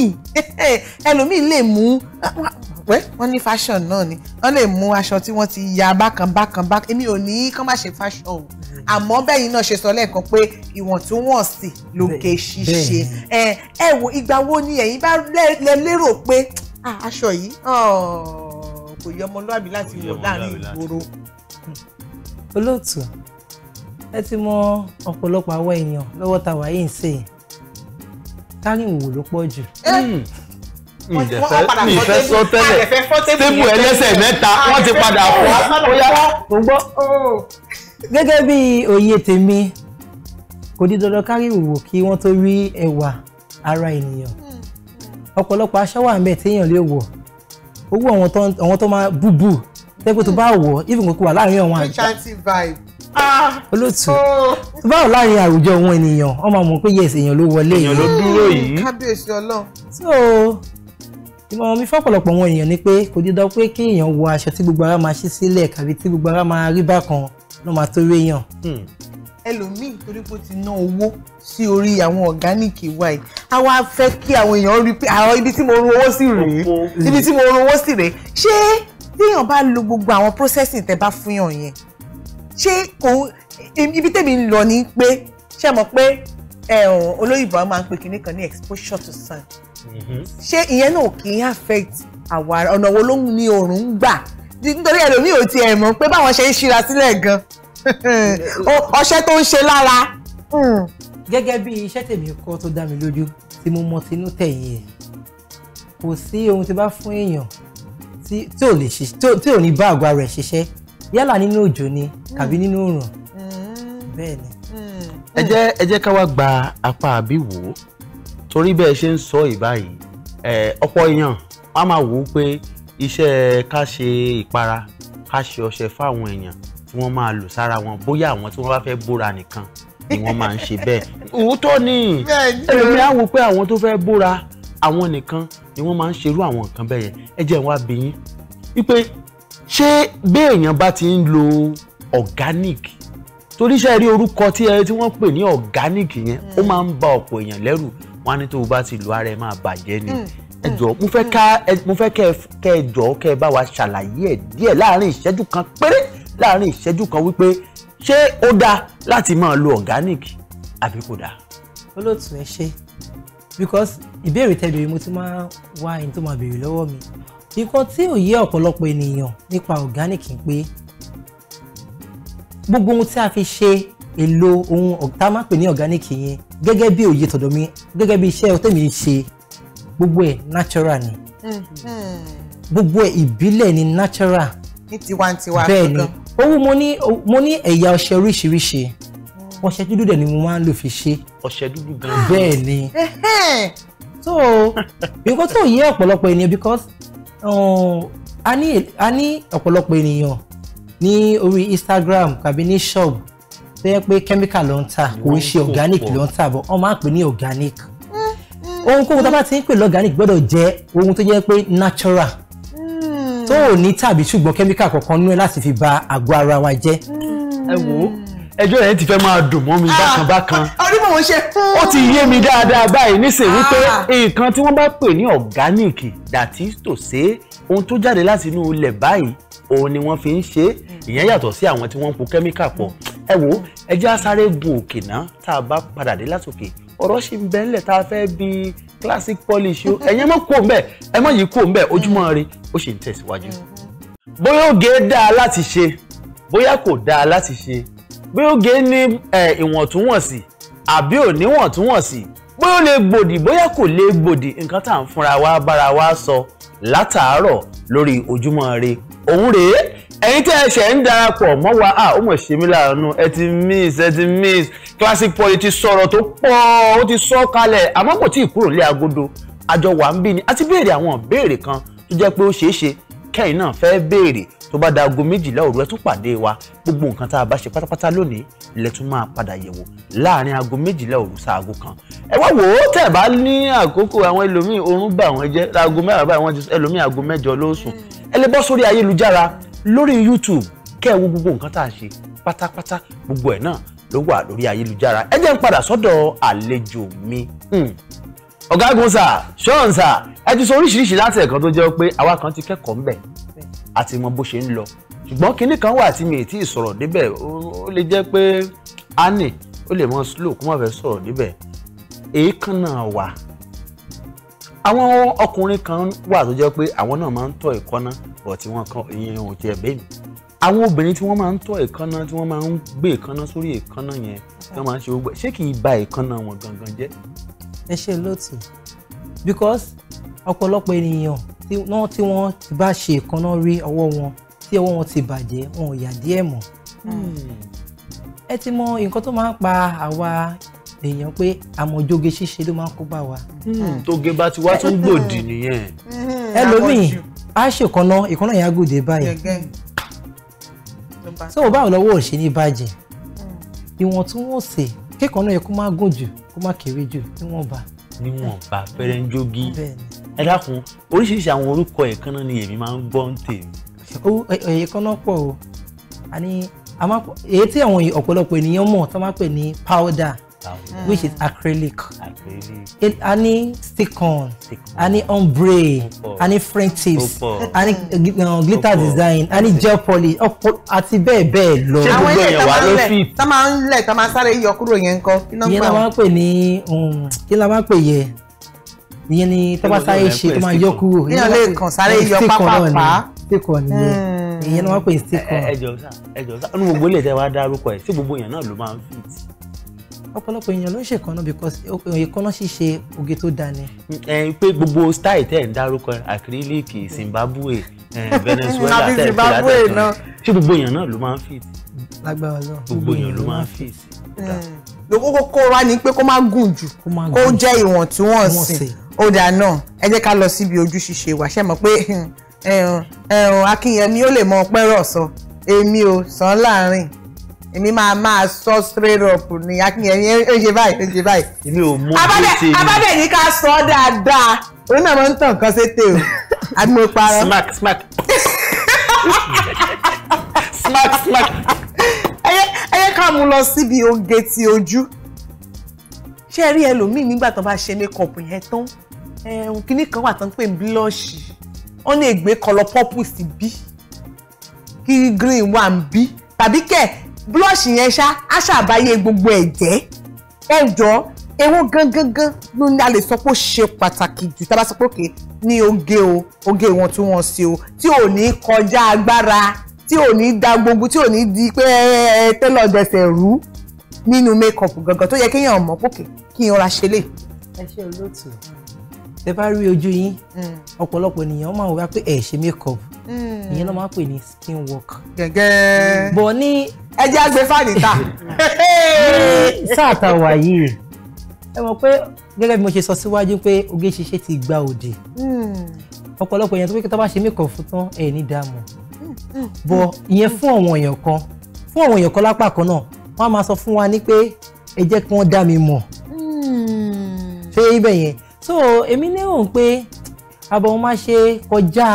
[laughs] ẹlòmíì lè mú pé ah, wọ́n ní fashion náà ni wọ́n lè mú aṣọ tí wọ́n ti ya bákan bákan bákan èmi ò ní kán má ṣe fashion o mm. àmọ́ bẹ́yìn náà ṣe sọ lẹ́ẹ̀kan pé ìwọ̀ntúnwọ̀nsì lókè ṣíṣe ẹ wo ìgbà wo ni ẹ̀yin bá lè lérò pé aṣọ yìí oh kò yẹ ọmọlúwàbí láti wọ̀ láàrin ìgboro. olóòtú ẹ ti mọ ọ̀pọ̀lọpọ̀ àwọn èèyàn lọ́wọ́ ta wàá yìí ń sè kárìn wò ló pọ̀ jù. Eh, hmm. mi ìfẹ́ sọ tẹ́lẹ̀ stable ẹlẹ́sẹ̀ mẹ́ta wọ́n ti padà fọ́ bóyá. gẹ́gẹ́ bí òye tèmi kò di dandan kárí ìwò kí wọ́n tó rí ẹwà ara ènìyàn hmm. ọ̀pọ̀lọpọ̀ aṣọ wà ń bẹ téèyàn lè wọ̀ owó àwọn tó máa búbú tẹ́gbẹ́ tó bá wọ̀ even kókó wà láàrin àwọn àjà olótù báwo láàrin àwùjọ àwọn ènìyàn wọ́n máa mọ̀ pé yes èèyàn ló wọlé èèyàn ló dúró yìí mm, kábíyèsí ọlọ́run. so ìmọ̀ràn mi fọ́pọ̀lọpọ̀ àwọn èèyàn ni pé kò dídá pé kí èèyàn wọ aṣọ tí gbogbo ara máa ṣí sílẹ̀ kàbí tí gbogbo ara máa rí bákan ló máa tó réyàn ẹlòmíì torí pé ó ti ná owó sí orí àwọn ọ̀gáníìkì wa yìí a wá fẹ́ kí àwọn èèyàn rí pé àwọn ibi tí mo ro owó sí rèé mm. ibi tí mo ro owó sí rèé ṣé téèyàn bá lo gbogbo àwọn processing tẹ bá fún yàn yẹn ṣé kò ibi tèmi ń lọ ni pé ṣé mọ̀ pé olóyìnbó máa ń pè kinní kan ní exposure to sun mm-hmm. ṣé ìyẹn náà kì í affect àwa ọ̀nà wo ló ní oòrùn ń gbà nítorí ẹlòmíì ò tiẹ̀ mọ̀ pé báwọn ṣe ń ṣíra sílẹ̀ gan-an [laughs] ọṣẹ tó ń ṣe lára. Hmm. gẹ́gẹ́ bí iṣẹ́ tèmi kọ́ tó dá mi lójú tí mo mọ tinú tẹ̀yìn ẹ̀ kò sí ohun tí bá fún èèyàn tí ò lè ṣe tí ní bá àgọ́ ara ṣiṣẹ́ yálà nínú òjò ni hmm. tàbí nínú òrùn hmm. bẹ́ẹ̀ ni. ẹ jẹ́ ẹ jẹ́ ká wá gba apá àbí wò ó torí bẹ́ẹ̀ ṣe ń sọ ìbáyìí ọ̀pọ̀ èèyàn wọ́n á máa wò ó pé iṣẹ́ ká ṣe ìpara ká ṣe ọṣẹ fáwọn èèyàn tí wọ́n máa lò sára wọn bóyá àwọn tí wọ́n bá fẹ́ bóra nìkan ni wọ́n máa ń ṣe bẹ́ẹ̀ [laughs] òótọ́ ni ẹlòmíràn á wò pé àwọn tó fẹ́ bóra àwọn nìkan ni wọ́n máa ń ṣerú àwọn nǹkan bẹ́ẹ̀ yẹn ẹ jẹ́ wá bí yín wípé ṣé béèyàn bá ti ń lo organic torí iṣẹ́ rí orúkọ tí ẹ tí wọ́n pè ní organic yẹn ó hmm. máa ń ba ọ̀pọ̀ èèyàn lẹ́rù wọn á ní tó o bá ti lo ara ẹ máa bàjẹ́ ni hmm. ẹ jọ̀ọ́ mo fẹ́ ká mo fẹ́ kẹ́ ẹ jọ̀ọ́ kẹ́ ẹ bá wa ṣàlàyé ẹ̀ díẹ̀ láàrin ìṣẹ́jú kan péré láàrin ìṣẹ́jú kan wípé ṣé ó dáa láti máa lo organic àbí kò dáa. olóòtú ẹ ṣe because ìbéèrè tẹ́ béèrè mo ti máa wá ẹni tó máa béèrè lọ́wọ́ mi nǹkan tí ò yé ọ̀pọ̀lọpọ̀ ènìyàn nípa organic ń pé gbogbo ohun tí a fi ṣe èlò ohun tá máa pè ní organic yẹn gẹ́gẹ́ bí òye tọ̀dọ̀ mi gẹ́gẹ́ bí iṣẹ́ tèmi ń ṣe gbogbo ẹ̀ natural ni hmm, hmm. gbogbo ẹ̀ ìbílẹ̀ ni natural ní tiwantiwa bẹ́ẹ̀ ni owó mo ní mo ní ẹ̀yà ọṣẹ oríṣiríṣi ọṣẹ dúdú dẹ̀ ni mo máa ń lò fi ṣe. ọṣẹ dúdú gan. bẹ́ẹ̀ ni so nǹkan tó yẹ ọ̀pọ̀lọpọ̀ ènìyàn because uh, a ní ọ̀pọ̀lọpọ̀ ènìyàn ní orí Instagram tàbí ní shop tó yẹ pé chemical ló ń tà kò ń ṣe organic ló ń tà bọ̀ wọ́n máa ń pè ní organic mm, mm. ohunkóhun tó bá ti ń pè lọ́ganic gbọ́dọ̀ jẹ́ ohun tó jẹ́ pé natural tó ò ní tàbí ṣùgbọ́n kẹ́míkà kankan nú ẹ láti fi bà àgọ́ ara wa jẹ́. ẹ wò ó ẹjọ́ yẹn ti fẹ́ máa dùn mọ́ mi ah, bákan bákan. orí [laughs] mò ń ṣe. ó ti yé mi dáadáa báyìí nísìn ah. wípé nǹkan tí wọ́n bá pè ní ọ̀gáníìkì dàtí tòṣe ohun tó jáde láti inú ilẹ̀ báyìí òun ni wọ́n fi ń ṣe ìyẹn yàtọ̀ sí àwọn tí wọ́n ń po kẹ́míkà pọ̀ ẹ wo ẹjẹ́ á sáré òkè náà tá a bá padà dé látòkè ọ̀rọ̀ ṣì ń bẹ́ńlẹ̀ tá a fẹ́ bí classic polish o ẹ̀yin mọ̀ kó mbẹ́ ẹ mọ̀ yìí kó mbẹ́ ojúmọ́ ire ó ṣe ń tẹ̀síwájú. bóyá oge dáa láti ṣe bóyá kò dáa láti ṣe bóyá oge ní ìwọ̀ntúnwọ̀nsì àbí ò níwọ̀ntúnwọ̀nsì bóyá ó lè gbòdì bóyá kò lè gbòdì nǹkan tá à ń fúnra wa bára wa sọ látàárọ̀ lórí ojúmọ́ ire òun rèé ẹ̀yin tẹ́ ẹ ṣẹ̀ ń darapọ̀ mọ́ wa a ó mọ̀ ṣe mí láàánú ẹ ti miss ẹ ti miss classic poly ti sọ̀rọ̀ tó pọ̀ ó ti sọ kalẹ̀ àmọ́ kò tí ì kúrò nílé agodo àjọ wà ń bí ni a ti béèrè àwọn ìbéèrè kan tó jẹ́ pé ó ṣeé ṣe kẹ́yìn náà fẹ́ béèrè tó bá da aago méjìlá òru ẹ tún pàdé wa gbogbo nǹkan tá a bá ṣe pátápátá lónìí lẹ tún máa padà yẹ̀wò láàrin aago méjìlá òru sáago kan. ẹ wá wò ó tẹ̀ bá ní àkókò àwọn ẹlòmíì oorun bá àwọn jẹ́ aago mẹ́wàá báyìí wọ́n ẹlòmíì aago mẹ́jọ ló ẹ lè bọ́ sórí ayélujára lórí YouTube kẹ́ ẹ wo gbogbo nǹkan tá a ṣe pátápátá gbogbo ẹ̀ náà ló wà lórí ayélujára ẹ jẹ́ ń padà sọ́dọ̀ àlejò mi. Hmm. ọ̀gágun sà ṣọ́ọ̀n sà ẹ ti sọ oríṣiríṣi láti ẹ̀kan tó jẹ́ pé àwa kan ti kẹ́kọ̀ọ́ ńbẹ̀ àti mọ bó ṣe ń lọ ṣùgbọ́n kinní kan wà tí mi ì tí ì sọ̀rọ̀ débẹ̀ ó lè jẹ́ pé annie ó lè mọ slow kó má fẹ́ sọ̀rọ̀ débẹ̀ èékánná wa àwọn ọkùnrin kan wà tó jẹ́ pé àwọn náà máa ń tọ́ ìkọ́ná bọ̀ tí wọ́n kan ìyẹn ò tiẹ̀ bẹ́ẹ̀ mi àwọn obìnrin tí wọ́n máa ń tọ́ ìkọ́ná tí wọ́n máa ń gbé ìkọ́ná sórí ìkọ́ná yẹn tí wọ́n máa ń ṣe gbogbo ṣé kì í ba ìkọ́ná wọn gangan jẹ́. ẹ ṣe lóòtù because ọ̀pọ̀lọpọ̀ ènìyàn tí wọ́n ti bá ṣe ìkọ́ná rí ọwọ́ wọn tí ọwọ́ wọn ti bàjẹ́ wọn ò yà díẹ̀ mọ́. Hmm. ẹ ti mọ nǹkan tó máa ń pa àwa èèyàn pé àmọ̀jòge ṣíṣe ló máa ń kó bá wa. Hmm. tóge bá ti wá tún gbòdì nìyẹn. Hmm. ẹlòmíì á ṣèkànnà ìkànnà yẹn á gòdè báyìí. tó o báwo lọ́wọ́ òṣè ní bàjẹ́ ìwọ̀ntúnwọ̀nsì kékọ̀ọ́ náà yẹ kó má gùn jù kó má kéré jù níwọ̀nba. níwọ̀nba fẹ́rẹ́ ń jógi ẹ dákun oríṣiríṣi àwọn orúkọ èékánná ni èmi máa ń gbọ́ ń tèmi. èékánná pọ̀ o a ní èyí tí àwọn ọ̀pọ̀lọpọ̀ ènìyàn mọ̀ tó máa pè ní powder which is acrylic a ní stick-on a ombre Any ní french tips a ní glitter design Any gel polish àti ati bẹ́ẹ̀ lọ. ṣé gbogbo yẹn wà ló fi. tá máa ń lẹ̀ tá máa sáré yọ kúrò yẹn kọ́. yẹn um, la máa ń pè ní yẹn la máa ń pè yẹ ìyẹn ni tó bá sáré ṣe tó máa yọ kúrò. yẹn lè kàn sáré stick-on nìyẹn ìyẹn ni wọ́n pè stick-on. ẹ jọ sá ẹ jọ gbogbo ilé tẹ wá dárúkọ ẹ sí gbogbo yẹn náà ló máa fit ọ̀pọ̀lọpọ̀ èèyàn ló ń ṣèkànnà because ìkànnà ṣíṣe oge tó da ni. ẹ ń pé gbogbo style tẹ́ ẹ̀ ń dárúkọ acrylic Zimbabwe [laughs] Venezuela tẹ́ ẹ̀ fi látẹ̀ ṣé gbogbo èèyàn náà ló máa ń fit. lágbára lọ gbogbo èèyàn ló máa ń fit lókókó kó wá ní pé kó má gùn jù kó jẹ́ ìwọ̀ntúnwọ̀nsì ó dà náà ẹ jẹ́ ká lọ síbi ojú ṣíṣe wà ṣe mọ̀ pé ẹ̀hún Akínyẹmí ó lè mọ pẹ́rọ̀ sọ èmi ò sàn láàrin èmi máa máa sọ straight up ni akínyẹmí ó ṣe báyìí ó ṣe báyìí. èmi ò mú bí tèmi abábẹ̀ ní ká sọ ọ́ dáadáa òun náà máa ń tàn kan sétè o àmì ò parọ́. smack smack smack smack. ẹ yẹ ká mú lọ síbi oge ti ojú ṣé ẹ rí ẹlòmíì nígbà tó bá ṣe makeup yẹn tán ẹ̀hún kínní kan wà tán pé blush wọ́n lè gbé kọlọ pọ́pù sí bí kí green wà ń bí tàbí kẹ̀ blush yẹn ṣá á ṣàbáyé gbogbo ẹ̀ jẹ́ ẹ jọ èwo gangan ló ní a lè sọ pé ṣe pàtàkì jù tá a bá sọ pé òkè ní oge o oge wọn tí wọn ṣe o tí ò ní kọjá agbára tí ò ní da gbogbo tí ò ní di pé ẹ tẹ́lọ̀ dẹsẹ̀ rú nínú mékọ̀pù gangan tó yẹ kéèyàn mọ̀ pòkè kí n ra ṣe lè. ẹ ṣe olóòtú tẹ bá rí ojú yín mm. ọ̀pọ̀lọpọ̀ ènìyàn máa wá pé ẹ ṣe mékọ̀pù Mm. ìyẹn ló máa ń pè ní skin work. gẹ́gẹ́. bọ̀ ní. ẹ jẹ́ àgbẹ̀ ta. [laughs] ní sáà tá a wà yìí ẹ mọ̀ pé gẹ́gẹ́ bí mo ṣe sọ síwájú pé oge ṣíṣe ti gba òde mm. ọ̀pọ̀lọpọ̀ èèyàn tó pé kí tó bá ṣe mìkan fún tán ẹ̀ ní dààmú mm, bọ̀ ìyẹn fún àwọn èèyàn kan fún àwọn èèyàn kan lápá kan náà wọ́n á máa sọ fún wa ní pé ẹ jẹ́ kí wọ́n dá mi mọ̀ ṣé ibẹ̀ yẹn so èmi lérò pé àbọ̀ wọn máa ṣe kọjá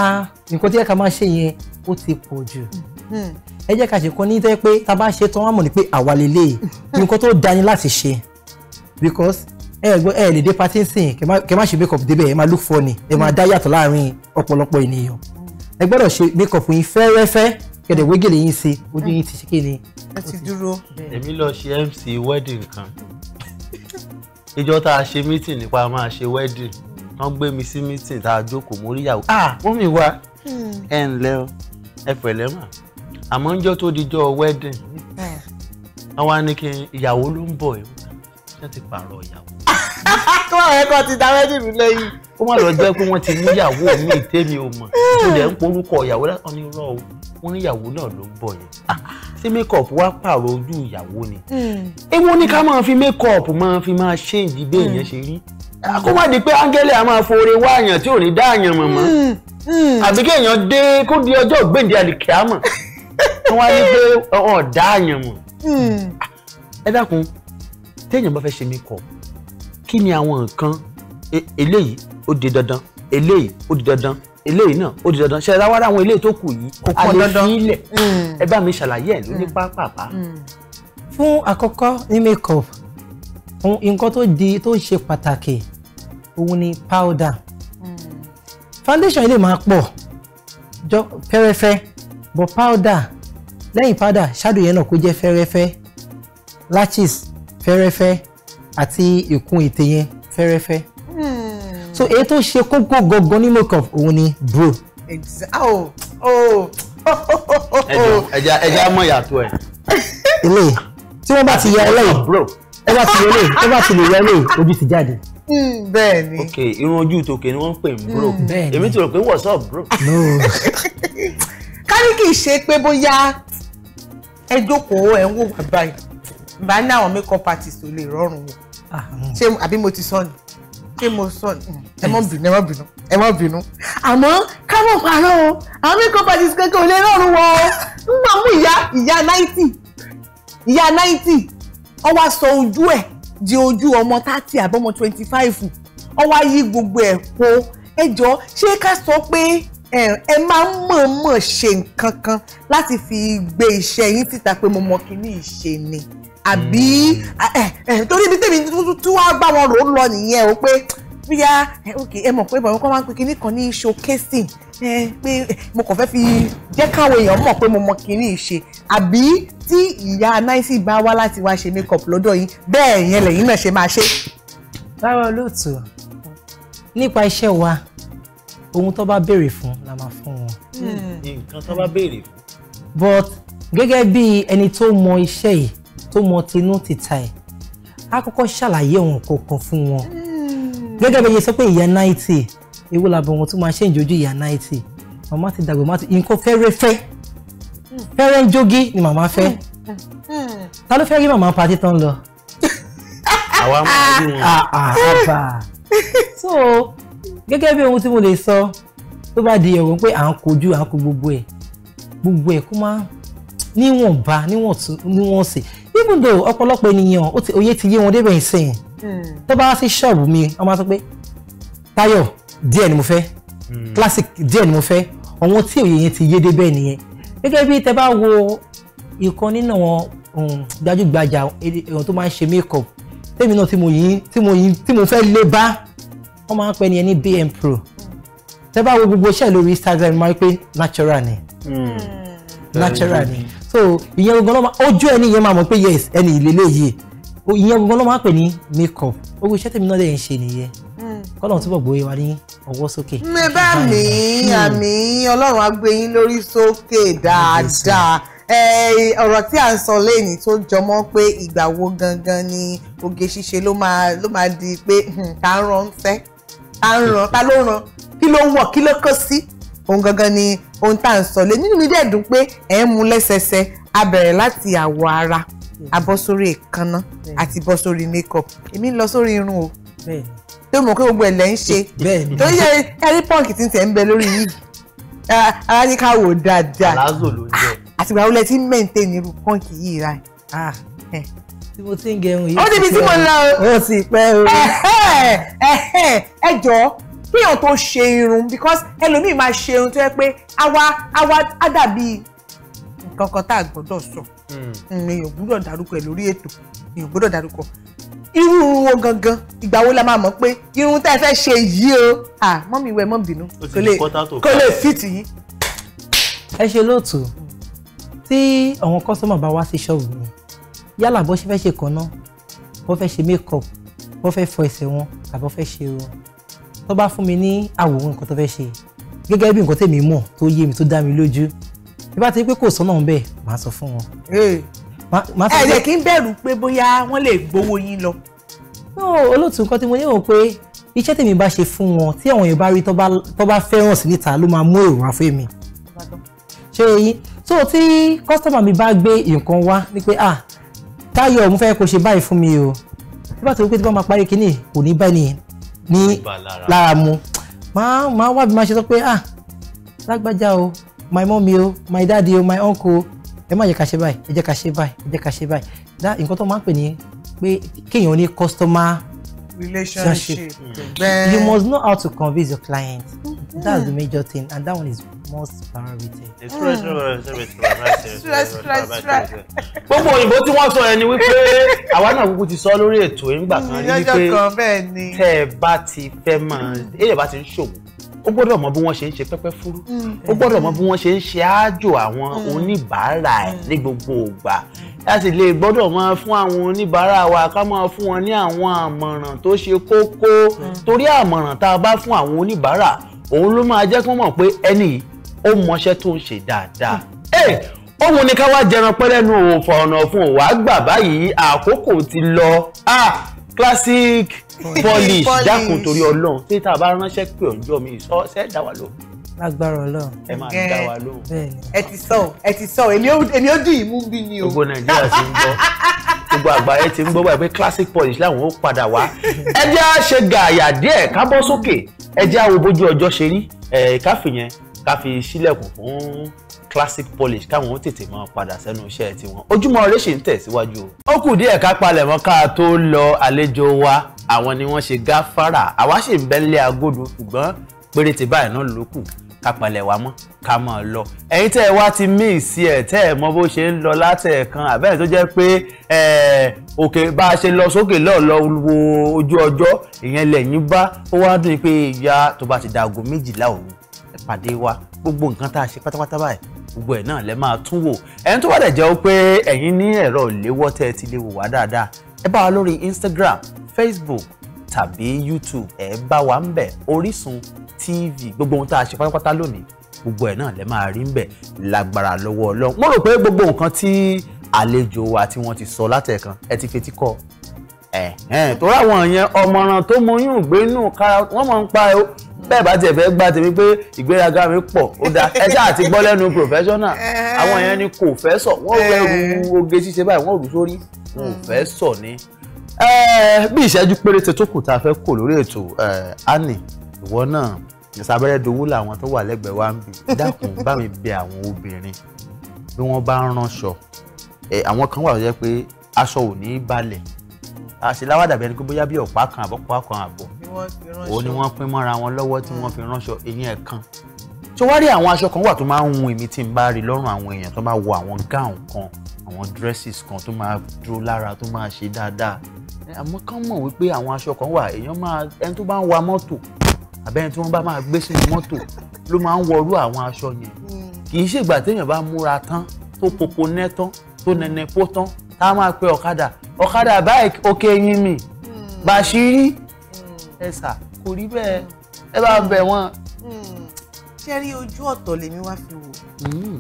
nǹkan tí ẹ̀ka máa ṣe yẹn ó ti pọ̀ jù hmm. ẹ jẹ́ ká ṣe kan ní pé tá a bá ṣe tán wọ́n mọ̀ ní pé àwa lélẹ̀ hmm. nǹkan tó dání láti ṣe because ẹ gbọ́ ẹ lè dé party sìn kẹ má ṣe make up débẹ̀ ẹ máa look funny ẹ máa dá yàtọ̀ láàrin ọ̀pọ̀lọpọ̀ ènìyàn ẹ gbọ́dọ̀ ṣe make up yín fẹ́rẹ́fẹ́ kẹ̀dẹ̀ wégele yín sí ojú yín ti ṣe kí ni. ẹ ti dúró. èmi lọ ṣe MC wedding kan ìjọ tá a ṣe meeting nípa máa wedding wọ́n gbé mi sí meeting tá a jókòó mo rí ìyàwó ah mọ́mì wa hmm. ẹ ǹlẹ́ o ẹ pẹ̀lẹ́ mà àmọ́ ń jọ́ tó dijọ́ wedding àwa hmm. ní kí ìyàwó ló ń bọ̀ ẹ́ ṣé ti pààrọ̀ ìyàwó. kíláà ẹ̀ kan ti da wedding mi lẹ́yìn. ó má lọ jẹ́ pé wọ́n ti mú ìyàwó mi tèmi ò mọ̀ ó dẹ̀ ń porúkọ ìyàwó láti ní irọ́ o wọ́n ní ìyàwó náà ló ń bọ̀ yẹn ah, ṣé mékọ̀pù wá pààrọ̀ ojú ìyàwó ni. Hmm. èwo ni ká máa fi mékọ̀pù máa fi máa ṣéǹjì bẹ́ẹ̀ yẹn ṣe rí kó má di pé áńgẹ́lì a máa foore wá àyàn tí ò ní dá àyàn mọ̀ mọ́ hmm, hmm. àbí kéèyàn dé kó di ọjọ́ gbèǹde àlìkíámọ̀ [laughs] wọ́n á ní pé ọ̀ dá àyàn mọ̀ hmm. ẹ dákun téèyàn bá fẹ́ ṣe mí kọ̀ kí ni àwọn nǹkan e, eléyìí ó di dandan eléyìí ó di dandan eléyìí náà ó di dandan ṣe é ráwá ráwọn eléyìí tó kù yìí a lè fi ilẹ̀ ẹ bá mi ṣàlàyé ẹ̀ lóní pápápá. fún àkọ́kọ́ ní make nǹkan tó di tó ṣe pàtàkì òun ni powder foundation yìí lè máa pọ̀ jọ fẹ́rẹ́fẹ́ but powder lẹ́yìn powder shadow yẹn náà kó jẹ́ fẹ́rẹ́fẹ́ lashes fẹ́rẹ́fẹ́ àti ìkun ètè yẹn fẹ́rẹ́fẹ́ so èyí tó ṣe kókó gangan ní makeup òun ni bro. ẹja ẹja mọ ìyàtọ̀ ẹ. ilé tí wọ́n bá ti yọ ọ lẹ́yìn ẹ bá ti wọlé ẹ bá ti lè wọlé ojú ti jáde. Hmm, bẹ́ẹ̀ ni. ok irun ojú tòkè ni wọ́n ń pè ní bro hmm, èmi ti rò pé what's up bro. kárí kì í ṣe pé bóyá ẹ jókòó ẹ ń wò wá báyìí bá ní àwọn makeup artist ò lè rọrùn wò ah, hmm. ṣé àbí mo ti sọ ni ṣé mo sọ ni ẹ má bínú ẹ má bínú ẹ má bínú àmọ́ ká mọ̀ parọ́ o àwọn makeup artist kankan ò lè rọrùn wò ó gbà mú ìyá ìyá náìtì ìyá náìtì ọ wá sọ ojú ẹ̀ di ojú ọmọ thirty àbọ̀mọ twenty five ọ wá yí gbogbo ẹ̀ po ẹ jọ ṣé ká sọ pé ẹ máa ń mọ̀ọ́mọ̀ ṣe nǹkan kan láti fi gbé iṣẹ́ yín títa pé mo mọ kíní ìṣe ni àbí torí ibi tèmi tí wàá gbà wọn rò ó lọ nìyẹn o pé bíyà ẹ mọ̀ pé bàbá kan máa ń pe kíní kan ní showcasing ẹ pé mo kàn fẹ́ fi jẹ́ káwọn èèyàn mọ̀ pé mo mọ kinní ìṣe àbí tí ìyá náìsì bá wá láti wá ṣe makeup lọ́dọ̀ yín bẹ́ẹ̀ yẹn lẹ́yìn náà ṣe máa ṣe. lára olóòtú nípa iṣẹ́ wa ohun tó bá béèrè fún la máa fún wọn. Hmm. nǹkan tó bá béèrè fún. but gẹ́gẹ́ bí ẹni tó mọ iṣẹ́ yìí tó mọ tinú tìta ẹ̀ á kọ́kọ́ ṣàlàyé ohun kọ̀ọ̀kan fún wọn. Hmm. gẹ́gẹ́ bí ẹ ṣe sọ pé ìyá náìsì ewu làbọ̀ wọn tún máa ṣe ìjọjú ìyá náìtì màmá ti dàgbà màmá ti nǹkan fẹ́rẹ́fẹ́ fẹ́rẹ́ ń jógí ni màmá fẹ́ ta ló fẹ́ rí màmá patí tán lọ. àwa máa rí wọn. Ah, ah, àbá so gẹ́gẹ́ bí ohun tí mo lè sọ tó bá di ẹ̀rọ pé à ń kojú à ń kó gbogbo ẹ̀ gbogbo ẹ̀ kó má níwọ̀nba níwọ̀nsì even though ọ̀pọ̀lọpọ̀ ènìyàn òye ti yé wọn débẹ̀ ìsìn hmm. tó bá wá sí ṣọ́ọ̀bù mi wọ́n máa sọ pé Táyọ̀ díẹ̀ ni mo fẹ́ hmm. classic díẹ̀ ni mo fẹ́ àwọn tí òye yẹn ti yé débẹ̀ nìyẹn gẹ́gẹ́ bí tẹ bá wo ìkan nínú àwọn um, gbajúgbajà èèyàn tó máa ń ṣe makeup tèmi náà tí mo yìn tí mo yìn tí mo fẹ́ lé bá wọ́n máa ń pè nìyẹn ní BM Pro tẹ bá wo gbogbo iṣẹ́ lórí Instagram máa ń pè natural ni hmm. Hmm. natural ni so ìyẹn gbogbo náà ojú ẹni yẹn máa mọ̀ pé yes ẹni ìlélẹ́yìí ìyẹn gbogbo náà máa ń pè ní makeup gbogbo iṣẹ́ tèmi náà lè ń ṣe nìyẹn kọ́lọ́run túbọ̀ gbóyè wa ní ọwọ́ sókè. mẹ́bà mi àmì hmm. ọlọ́run á gbé yín lórí sókè dáadáa ọ̀rọ̀ tí à ń sọ lẹ́yìn tó jọmọ́ pé ìgbà wo gangan ni oge ṣíṣe ló máa di pé hmm, ta ń ran fẹ́ ta ń ran ta ló ran kí ló ń wọ̀ kí ló kó sí òun gangan ni ohun tá à ń sọ lé nínú mi dẹ̀ dùn pé ẹ̀ ń mu lẹ́sẹsẹ a bẹ̀rẹ̀ láti àwọ̀ ara a bọ́ sórí èékánná àti bọ́ sórí makeup èmi ń lọ sórí irun o tó mọ̀ pé gbogbo ẹ̀ lẹ́ ń ṣe torí ṣe kárí pọ́ǹkì tí ń tẹ̀ ń bẹ lórí yìí ara ní ká wò dáadáa palazzo ló ń jẹ ah, àtìgbà wo lẹ ti maintain irú pọ́ǹkì yìí ra ẹ̀ ah, eh. tí mo ti ń gẹrun yìí. ó débi tí mo ń lọ o. ó sì pẹ́ o. Eh, eh, ẹ jọ̀ọ́ kéèyàn tó ṣe irun because ẹlòmíì máa ṣe irun tó yẹ pé àwa àwa á dàbí nǹkan kan tá a gbọ́dọ̀ sọ hmm. Hmm, èèyàn gbọ́dọ̀ dárúkọ ẹ̀ lórí ètò èèyàn gbọ́dọ̀ dárúkọ irú wo gangan ìgbà wo la máa mọ̀ pé irun tẹ́ ẹ fẹ́ ṣe yìí o ah mọ́mí ìwẹ̀ mọ́ bínú kò lè fit yín. ẹ ṣe lóòtọ́ tí àwọn kọ́sọ́mà bá wá sí ṣọ́ọ̀bù mi yálà bó ṣe fẹ́ ṣe kan náà bó fẹ́ ṣe makeup bó fẹ́ fọ ẹsẹ̀ wọn tàbí bó fẹ́ ṣe irun tó bá fún mi ní àwòrán nǹkan tó fẹ́ ṣe gẹ́gẹ́ bí nǹkan tèmi mọ̀ tó yé mi tó dá mi lójú bí ti pé kò sọ́nà ń bẹ̀ máa sọ fún wọn ẹ̀rẹ̀ kí n bẹ̀rù pé bóyá wọ́n lè gbowó yín lọ. olóòtú nǹkan tí mo yẹ̀wò pé iṣẹ́ tèmi bá ṣe fún wọn tí àwọn èèyàn bá rí tó bá fẹ́ràn sí níta ló máa mú èrò wá fún mi. ṣé eyín tó o tí kọ́sítọ́mà mi bá gbé nǹkan wá ni pé ah Táyọ̀ mo fẹ́ kó ṣe báyìí fún mi o nígbà tó wípé tí wọ́n máa parí kínní kò ní bẹ́ẹ̀ ni ní lára mu máa wá bí máa ṣe sọ pé ah lágbájá o my mummy o my daddy o my uncle o ẹ má yẹ ká ṣe báyìí ẹ jẹ́ ká ṣe báyìí ẹ jẹ́ ká ṣe báyìí dá nǹkan tó máa ń pè ní pé kéèyàn ní customer relationship mm. bẹ́ẹ̀ you must know how to convince your client mm-hmm. that's the major thing and that one is most priority. gbogbo òyìnbó tí wọ́n sọ ẹni wípé àwa náà kúkú ti sọ lórí ètò ìgbà kan rí wípé tẹ́ ẹ bá ti fẹ́ máa èèyàn bá ti ń ṣòwò ó gbọ́dọ̀ mọ bí wọ́n ṣe ń ṣe pẹ́pẹ́ fúrú ó gbọ́dọ̀ mọ bí wọ́n ṣe ń ṣe àjò àwọn mm. oníbàárà ẹ̀ mm. ní gbogbo ìgbà láti lè gbọ́dọ̀ máa fún àwọn oníbàárà wa ká máa fún wọn ní àwọn àmọ̀ràn tó ṣe kókó mm. torí àmọ̀ràn tá a bá fún àwọn oníbàárà òun ló máa jẹ́ kí wọ́n mọ̀ pé ẹni ó mọṣẹ́ tó ń ṣe dáadáa eh, ohun ni ká wá jẹran pẹ́lẹ́nu òfò ọ̀nà fún òwà gbà báyìí àkókò ti lọ ah, classic [laughs] polish dákun torí ọlọ́run tí tá a bá ránṣẹ́ pé ọjọ́ mi sọ ṣẹ́ dá wa lóhùn. lágbára ọlọ́run. ẹ máa dá wa lóhùn. ẹ ti sọ ẹ ti sọ èmi ó dùn ìmú bí mi o. gbogbo nàìjíríà ti ń gbọ́ gbogbo àgbáyé ti ń gbọ́ báyìí pé classic polish làwọn ó padà wá ẹ jẹ́ á ṣe gààyà díẹ̀ ká bọ́ sókè ẹ jẹ́ á wo bójú ọjọ́ ṣe rí ẹ̀ káfíyẹn ká sílẹ̀kùn fún classic polish káwọn ó tètè máa padà sẹ́nu iṣẹ́ tiwọn ojúmọ́ ire ń tẹ̀síwájú o. ó kù díẹ̀ ká palẹ̀mọ́ ká tó lọ àlejò wa àwọn ni wọ́n ṣe gáfárà àwa sì ń bẹ́ńlẹ̀ agodo ṣùgbọ́n péréte báyìí náà ló kù ká palẹ̀ wa mọ́ ká mọ̀ lọ. ẹ̀yin tẹ́ ẹ wá ti míìsì ẹ̀ tẹ́ ẹ mọ bó ṣe ń lọ látẹ̀ẹ̀kan àbẹ́rẹ́ tó jẹ́ pé òkè bá a ṣe lọ sókè lọ́ọ̀ lọ wo ojú ọjọ́ ìyẹn lẹ́yìn bá ó wá dùn pé ìyá tó bá ti da aago méjìlá òru ẹ pàdé wa gbogbo nǹkan tá a ṣe pátápátá báyìí gbogbo ẹ̀ náà lẹ́ máa tún wò ẹni tó bá dẹ̀ jẹ́ pé ẹ̀yin ní ẹ̀rọ ìléwọ́ tẹ́ ẹ ti lè wò wá dáadáa ẹ bá wa lórí Instagram Facebook tàbí YouTube ẹ bá wa ń bẹ̀ Orísun TV gbogbo ohun tá a ṣe pátápátá lónìí gbogbo ẹ̀ náà lẹ́ máa rí ń bẹ̀ lágbára lọ́wọ́ Ọlọ́run mo rò pé gbogbo nǹkan tí àlejò wa tí wọ́n ti sọ látẹ̀kan ẹ ti fetí kọ́ ẹ̀hẹ́n tó ráwọn yẹn ọmọràn tó mọyún gbénú kára wọ́n mọ̀ ń pa bẹ́ẹ̀ bá tiẹ̀ fẹ́ gbà tèmi pé ìgbéraga mi pọ̀ ó dáa ẹ ṣáà ti gbọ́ lẹ́nu professional àwọn yẹn ni kò fẹ́ sọ wọ́n wẹ̀rù oge ṣíṣe báyìí wọ́n rù sórí kò hmm. fẹ́ sọ ni. bí ìṣẹ́jú péréte tó kù tá a fẹ́ kò lórí ètò Annie ìwọ náà ìsabẹ́rẹ́ dowó làwọn tó wà lẹ́gbẹ̀ẹ́ wa ń bì dákun bá mi bẹ àwọn obìnrin bí wọ́n bá ń ránṣọ àwọn kan wà tó jẹ́ pé aṣọ ò ní balẹ̀ àṣìláwádàbẹ̀ ni pé bóyá bí ọ̀pá kan àbọ̀pá kan àbọ̀ òun ni wọ́n pín mọ́ra wọn lọ́wọ́ tí wọ́n fi ránṣọ ìyẹn ẹ̀kan tó wá rí àwọn aṣọ kan wà tó máa ń hun èmi tí n bá rí lọ́rùn àwọn èèyàn tó máa wọ àwọn gown kan àwọn dresses kan tó máa dúró lára tó máa ṣe dáadáa àmọ́ kàn mọ̀ wípé àwọn aṣọ kan wà èèyàn máa ẹni tó bá ń wa mọ́tò àbẹ́ni tí wọ́n bá máa gbé sínú mọ́tò ló máa ń wọrú àwọn aṣọ yẹn hmm. kì í ṣègbà téèyàn bá múra tán tó popo nẹ́ tán tó nẹnẹ pó tán tá a máa pe ọ̀kadà ọ̀kadà báyìí òkè yín mi hmm. bàṣírí ẹ sà kò rí bẹ́ẹ̀ ẹ bá bẹ̀ wọ́n. Hmm. ṣé rí ojú ọ̀tọ̀ lèmi wá fi wò hmm.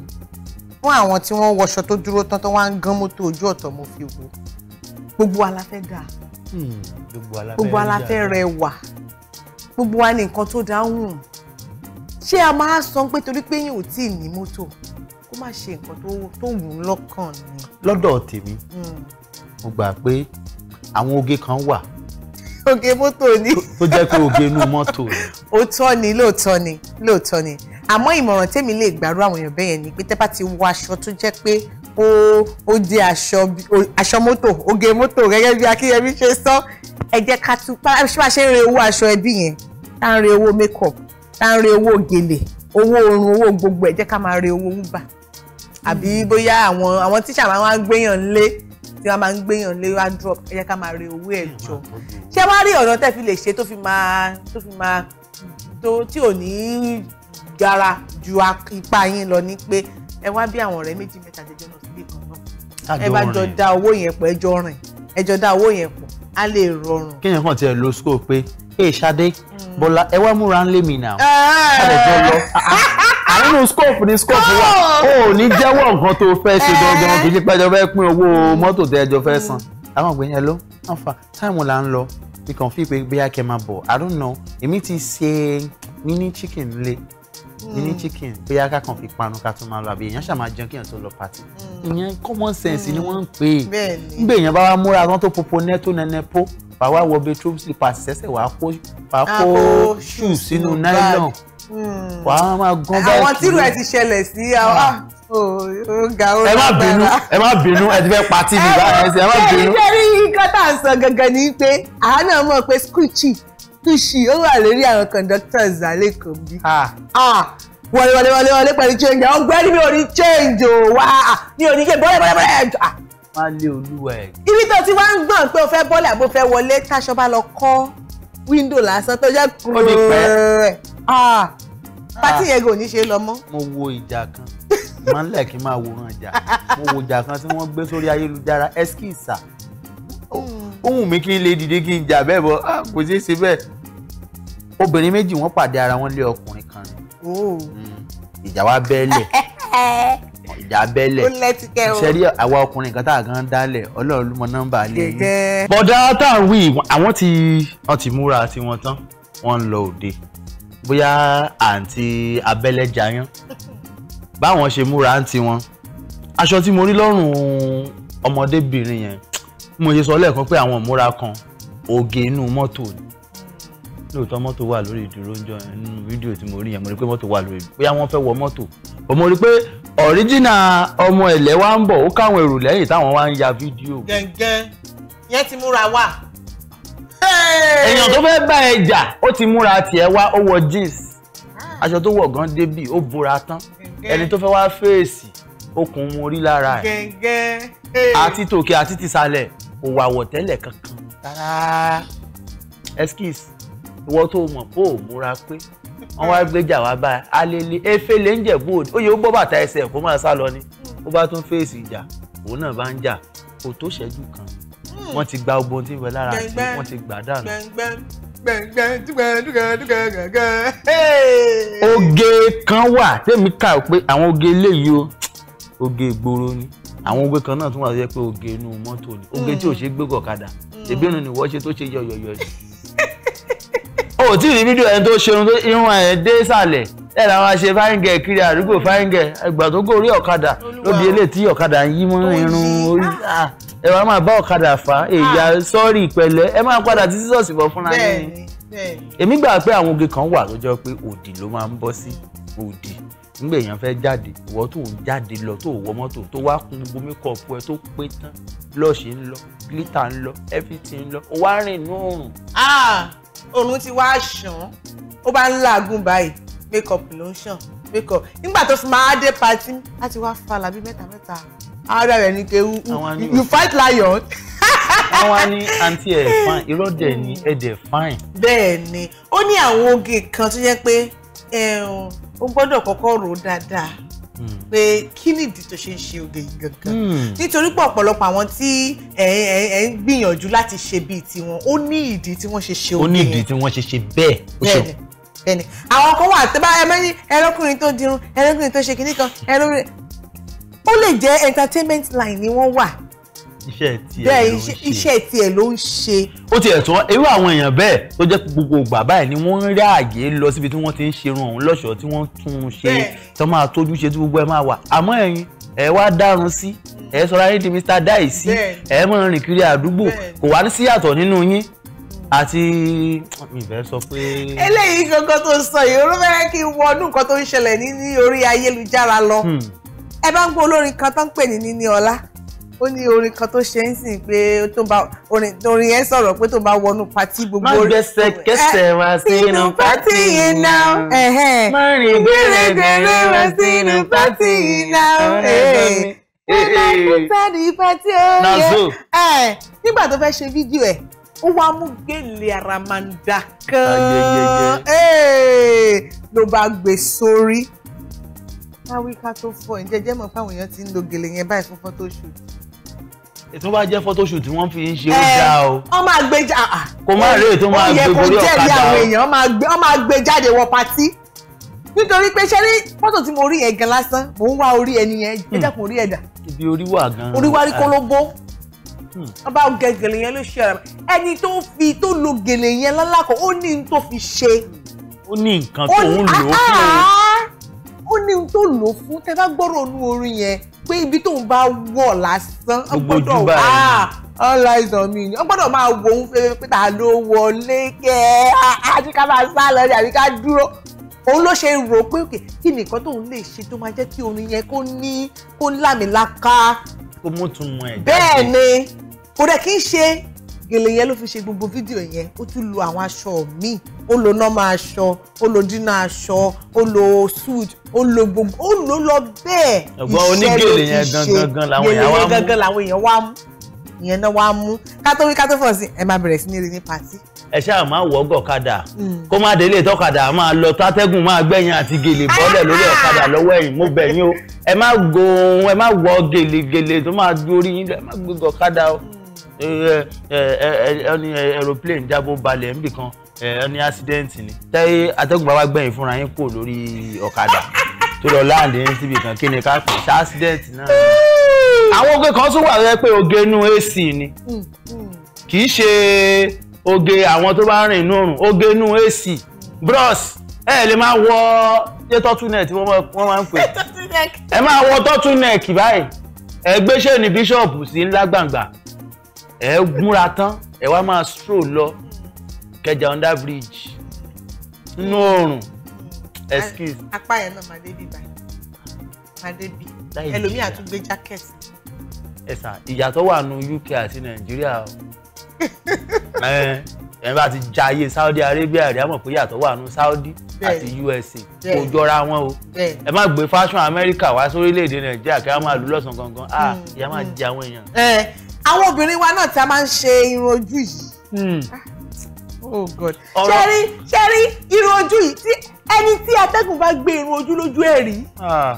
fún àwọn tí wọ́n wọṣọ tó dúró tán tó wá ń gán mọ́tò ojú ọ̀tọ̀ mo fi wò gbogbo wa la fẹ́ ga hmm. gbogbo wa la fẹ́ rẹwà gbogbo wa ní nǹkan tó dáhùn ṣé a máa sọ pé torí pé yín ò tí ì ní mọ́tò kó má ṣe nǹkan tó wù ú lọ́kàn ni. lọ́dọ̀ tèmi mo gbà pé àwọn oge kan wà oge mọ́tò ni. tó jẹ́ pé oge inú mọ́tò ni. òótọ́ ni lóòótọ́ ni lóòótọ́ ni àmọ́ ìmọ̀ràn tèmi lè gbàrú àwọn èèyàn bẹ́yẹn ni pé tẹ́ ti wọ aṣọ tó jẹ́ pé ó ó jẹ́ aṣọ mọ́tò oge mọ́tò gẹ́gẹ́ bí Akínyẹmí ṣe sọ ẹ jẹ́ ká tún pa ṣé bá ṣe ń re owó aṣọ ẹbí yẹn tá ń re owó makeup tá ń re owó gèlè owó oorun owó gbogbo ẹ jẹ́ ká máa re owó wúbà àbí bóyá àwọn àwọn tíṣà máa ń gbéyàn lé tí wọ́n máa ń gbéyàn lé wá drop ẹ jẹ́ ká máa re owó ẹ̀ jọ ṣé wàá rí ọ̀nà tẹ́ fi lè ṣe tó fi máa tó fi máa tó tí ò ní gara ju ipa yín lọ ní pé ẹ wá bí àwọn ọ̀rẹ́ méjì mẹ́ta jẹjọ lọ síbì kan náà ẹ bá jọ da owó yẹn pọ̀ ẹ jọ rìn ẹ jọ da owó yẹn pọ̀ á lè rọrùn. kéèyàn kàn tiẹ̀ lo school pé ee Ṣadé Bọ́lá ẹ wá múra ń lé mi nà á lè jọ lọ. [laughs] inú scope ni scope wà o ò ní jẹ́wọ́ nǹkan tó fẹ́ ṣe gangan kì í ṣe pé ẹjọ́ fẹ́ pín owó mọ́tò tẹ́ ẹjọ́ fẹ́ san mm. àwọn ògbẹ́ni ẹ ló ń fa táìmù là ń lọ ikàn fi pé bóyá kẹ́ máa bọ̀ i don't know èmi ti ṣe mini chicken lé mini mm. chicken bóyá ká kàn fi panu ká tún máa lọ àbí èèyàn ṣàmà jẹun kéèyàn tó lọ pàtì mm. ìyẹn common sense ni wọ́n ń pè é nígbà èèyàn bá wá múra tán tó popo nẹ́tó Nene po bá wá wọ bedroom slipper sẹ́sẹ̀ wàá kó shoes sínú nylon Hmm. wà á máa gán báyìí. àwọn tírù ẹ ti ṣẹlẹ̀ sí àwa ọ̀gá ó lágbára. ẹ má bínú ẹ ti fẹ́ pa tv báyìí ẹ má bínú. ẹ ní nǹkan tá à ń sọ gangan ni pé àánà mọ̀ pé skuchi skuchi ó wà lórí àwọn conductors àlékòó bí ah. Ah, wọlé wọlé wọlé wọlé pẹ̀lú change àwọn gbẹ́ni mi ò ní change o wá ah, mi ò ní ṣe bọ́lẹ̀ bọ́lẹ̀ bọ́lẹ̀ ẹ̀. má lé olúwa ẹ. ibi tó ti wá ń gbọ̀n pé o fẹ́ bọ́lẹ̀ àbò fẹ́ wọlé táṣọ bá lọ kọ́ wíńdò lásán tó jẹ́ kúrò rẹ̀. Ah. Ah. pátì yẹn kò ní ṣe lọ mo wo ìjà kan máa ń lẹ̀ kí n máa wòran mo wo ìjà kan tí wọ́n gbé sórí ayélujára ẹ́skìsà ó wù mí kí n lè dìde kí n jà bẹ́ẹ̀ bọ́ ah, kò ṣeé ṣe bẹ́ẹ̀ obìnrin méjì ara wọn lé ọkùnrin kan ni hmm. ìjà wa bẹ́ẹ̀lẹ̀ [laughs] ìjà bẹ́ẹ̀lẹ̀ ìṣẹ́rí àwa ọkùnrin kan tá a gan dálẹ̀ ọlọ́run ló mọ nọ́mbà lé yín. bọ̀dá táwọn wí àwọn ti múra tiwọn tán wọ́n ń lọ òde bóyá àǹtí abẹ́lẹ́jayán báwọn ṣe múra àǹtí wọn aṣọ tí mo rí lọ́rùn ọmọdébìnrin yẹn mo ṣe sọ lẹ́ẹ̀kan pé àwọn ìmúra kan oge inú mọ́tò ni lóòótọ́ mọ́tò wà lórí ìdúró ń jọ nínú fídíò tí mo rí yẹn mo rí pé mọ́tò wà lórí bóyá wọ́n fẹ́ wọ mọ́tò mo rí pé ọ̀ríjìnà ọmọ ẹ̀lẹ́ wa ń bọ̀ ó káwọn èrò lẹ́yìn táwọn wá ń ya fídíò. gẹ́gẹ́ yẹn ti múra wá èèyàn tó fẹ́ bá ẹ jà ó ti múra tiẹ̀ wá ó wọ jeans ah. aṣọ tó wọ̀ gan débì ó bora tán ẹni tó fẹ́ wá fèsì okùn mu orí lára ẹ̀ àti tòkè àti tìsàlẹ̀ kò wà wọ̀tẹ́lẹ̀ kankan rárá ìwọ tó mọ̀ kó o múra pé wọ́n wá gbéjà wá bá alele efele ń jẹ̀bú òde ó yẹ ó bọ́ bàtà ẹsẹ̀ kó máa sá lọ ni ó bá tún fèsì ìjà òun náà bá ń jà kò tó ṣẹ́jú kan wọ́n ti gba gbogbo ohun tí ń bẹ lára àti wọ́n ti gbà dànù. oge kan wà tèmi kà pé àwọn oge eléyìí o oge ìgboro ni àwọn oge kan náà tún wà tó yẹ pé oge inú mọ́tò ni oge tí ò ṣe gbé gọ̀kadà mm. ṣèbí inú ni wọ́n ṣe tó ṣe yọ̀yọ̀yọ̀ [laughs] o ò tí ì rí fídíò ẹni tó ṣerun tó irun ẹ̀ dé sàlẹ̀ ẹ̀ làwọn se fáyíngẹ̀ kiri àdúgbò fáyíngẹ̀ ìgbà tó gòrí ọ̀kadà ló di eléyìí tí ọ̀kadà ń yí mọ́ irun orí ah. Ah, ẹ wàá máa bá ọ̀kadà èyà ah. sọ́ọ̀rì ìpẹ̀lẹ́ ẹ máa padà sí ṣọ́ọ̀ṣì bọ̀ fúnra yín èmi àwọn oge kan wà ló jọ pé òdì ló máa ń bọ́ sí òdì nígbà lọ tó wọ mọ́tò tó wá kun gbogbo mékọ̀ọ̀pù ẹ tó pé tán ń lọ glitter ń lọ everything ń lọ wá rìn ní ó bá ń làágùn báyìí make up ló ń ṣàn make up nígbà tó fi máa dé pati láti wá falà bíi mẹ́ta mẹ́ta ara rẹ̀ ní kéwu you fight lion. wọ́n wá ní àǹtí ẹ̀ fine irọ́ dẹ̀ ni ẹ̀ dẹ̀ fine. bẹ́ẹ̀ ni ó ní àwọn oge kan tó yẹ pé ó eh, gbọ́dọ̀ kọ́kọ́ rò ó dáadáa hmm. pé kí nìdí tó ṣe ń ṣe oge yìí gangan hmm. nítorí pé ọ̀pọ̀lọpọ̀ àwọn tí ẹ̀ ń gbìyànjú láti ṣe bíi tiwọn ó ní ìdí tí wọ́n ṣe ṣe oge yẹn ó ní ìdí tí wọ́n ṣe ṣe bẹ́ẹ̀ ìfẹ́ ni àwọn kan wà tẹ́ bá ẹ mẹ́rin ẹlọ́kùnrin tó dirun ẹlọ́kùnrin tó ṣe kinní kan ẹlọ́kùnrin ó lè jẹ́ entertainment line ni wọ́n wà iṣẹ́ tiẹ̀ ló ń ṣe bẹ́ẹ̀ iṣẹ́ tiẹ̀ ló ń ṣe. ó ti ẹ̀tọ́ irú àwọn èèyàn bẹ́ẹ̀ tó jẹ́ gbogbo bàbá ẹ̀ ni wọ́n ń rí ààyè lọ síbi tí wọ́n ti ń ṣerun ọ̀hún lọ́ṣọ̀ọ́ tí wọ́n tún un ṣe tó máa tójú ṣe tí gbogbo ẹ̀ máa wà àmọ́ ẹ̀yin ẹ̀ wá dárun sí ẹ̀ sọ̀rọ̀ ayé di Mr. Dai sí ẹ̀ rìn kiri àdúgbò kò wá sí yàtọ̀ nínú yín àti ìfẹ́ sọ pé. eléyìí gangan tó sọ yìí olóbẹ̀rẹ̀ kí n wọnú nǹkan tó ń ṣẹlẹ̀ ní ní orí ayélujára lọ hmm. ẹ bá ń gbọ́ olórin kan tó ń pè ní níní ọlá ó ní orin kan tó ṣe ń sìn pé tó bá orin yẹn sọ̀rọ̀ pé tó bá wọnú pati gbogbo orin. má gbẹ́sẹ̀ kẹsẹ̀ eh, wá sínú pati yìí náà. má rìn gbèrè gbèrè wá sínú pati yìí náà. ẹ máa kú sáré pati ó eh, nígbà tó fẹ́ ṣe fídíò ẹ̀ ó wá mú gèlè àràmàǹdà kan ló bá gbé sórí káwí ká tó fọ ìjẹjẹ mọ̀ fáwọn èèyàn ti ń lo gèlè yẹn báyìí fún photoshoot ètò bá jẹ́ photoshoot tí wọ́n fi ń ṣe ó dá o. wọ́n máa gbé jáde. Ah, ah. kò má rí ètò máa gbé gorí ọ̀kadà o. ó yẹ kó jẹ́rìí àwọn èèyàn wọ́n máa gbé jáde wọ patí. nítorí pé ṣé rí fọ́tò tí mo rí yẹn gan lásán mò ń wá orí ẹni yẹn ẹ hmm. jẹ́ kó rí ẹ̀dà. ibi orí wà gan-an. orí wá rí kólóbó ọba hmm. gẹ̀gẹ̀lẹ̀ yẹn ló ṣe ara ẹni tó fi tó lo gèlè yẹn lálákọ̀ ó ní n tó fi ṣe. ó ní nǹkan tó ń lò ó fún ó ní n tó lò ó fún tẹ bá gbọ́rọ̀ onú orin yẹn pé ibi tó ń bá wọ̀ lásán ọgbọ́dọ̀ wà all eyes on me ọ gbọ́dọ̀ máa wo ohun fẹfẹ pé ta ló wọlé kẹ àti ká máa sá lọ àbí ká dúró òun ló ṣe rò pé òkè kí nìkan tóun lè ṣe tó máa jẹ́ kí orin yẹn kó ní kó lámìláka. kó mú tun mọ ẹ jáde bẹ́ẹ̀ ni kò dẹ̀ kí n ṣe gèlè yẹn ló fi ṣe gbogbo fídíò yẹn ó tún lo àwọn aṣọ míì ó lo nọ́mà aṣọ ó lo dínà aṣọ ó lo suit ó lo gbogbo ó lo lọ bẹ́ẹ̀ iṣẹ́ ló ti ṣe gèlè yẹn gangan làwọn èèyàn wá mú ìyẹn náà wá mú kátó wí kátó fọ̀ sí ẹ máa bẹ̀rẹ̀ sí ní rí ní pàtí. ẹ ṣáà máa wọ ọgọ̀kadà hmm. kó má délé tọ́kadà máa lọ tátẹ́gùn máa gbẹ̀yìn àti gèlè ah! bọ́lẹ̀ lórí ọ̀kadà lọ́wọ́ ẹ̀yìn mo bẹ̀ yín o ẹ má gòun ẹ má wọ gèlè gèlè tó máa dórí yín ẹ má gbé ọ̀kadà o. Hmm. Eh, eh, eh, ẹni aeroplane jábọ́ balẹ̀ níbì kan ẹni accident ni tẹ́ atẹ́gùn bá wá gbẹ̀yìn fúnra yín kò lórí ọ̀kadà tó lọ láàndì ní síbi kan kí ni ká pè ṣá accident náà àwọn oge kan tún wà rẹ pé oge inú ac ni kì í ṣe oge àwọn tó bá rìn inú oòrùn oge inú ac bros ẹ lè máa wọ ṣé tọ́túnẹ̀tì wọ́n máa ń pè [laughs] ẹ máa wọ tọ́túnẹ̀kì báyìí ẹ gbéṣẹ́ ní bíṣọ̀pù sí ńlá gbàǹgbà ẹ gúnra tán ẹ wá máa stroll lọ kẹjà under bridge nínú oòrùn excuse. apá yẹn náà máa débi báyìí máa débi ẹlòmíì àtúgbé jacket. ẹ sà ìyàtọ̀ wà nù UK àti Nàìjíríà o [laughs] ẹ bá ti jayé Saudi Arabia rí àmọ̀ pé ìyàtọ̀ wà nù Saudi àti USA kò jọra wọn o ẹ má gbé fashion America wá sórílẹ̀-èdè Nàìjíríà kí wọ́n máa lù lọ́sàn-án gangan ah mm, ìyá máa mm. jẹ àwọn èèyàn àwọn obìnrin wa náà tí a máa ń ṣe irun ojú yìí hmm. ah, oh god ṣẹ́rí ṣẹ́rí irun ojú yìí tí ẹni tí atẹ́gùn bá gbé irun ojú lójú ẹ̀ rí ah.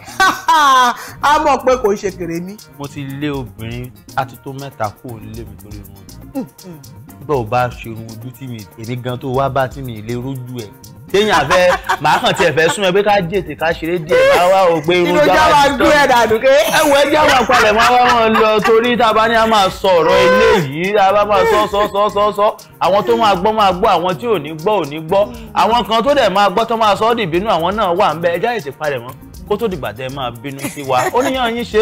[laughs] a mọ̀ pé kò ṣe kèrè mí. mo ti lé obìnrin atútó mẹ́ta kó o lé mi torí irun ojú hmm, hmm. bó o bá ṣe irun ojú tí mi èmi gan tó wá bá tí mi lè rójú ẹ̀ téèyàn àfẹ́ màá kàn tiẹ̀ fẹ́ sún ẹ pé ká jètè ká ṣeré díẹ̀ ká wá o pé irun jáwá dùn ẹ wọ ẹjẹ àwọn àpalẹ̀ máa wá wọn lọ torí tá a bá ní a máa sọ ọ̀rọ̀ eléyìí tá a bá máa sọ sọ sọ sọ àwọn tó máa gbọ́ máa gbọ́ àwọn tí ò ní gbọ́ ò ní gbọ́ àwọn kan tó dẹ̀ máa gbọ́ tó máa sọ ọ́ dìbínú àwọn náà wà ń bẹ ẹjẹ́ àìsè palẹ̀ mọ́ kó tó dìgbà tẹ máa bínú sí wa ó níyàn yín ṣe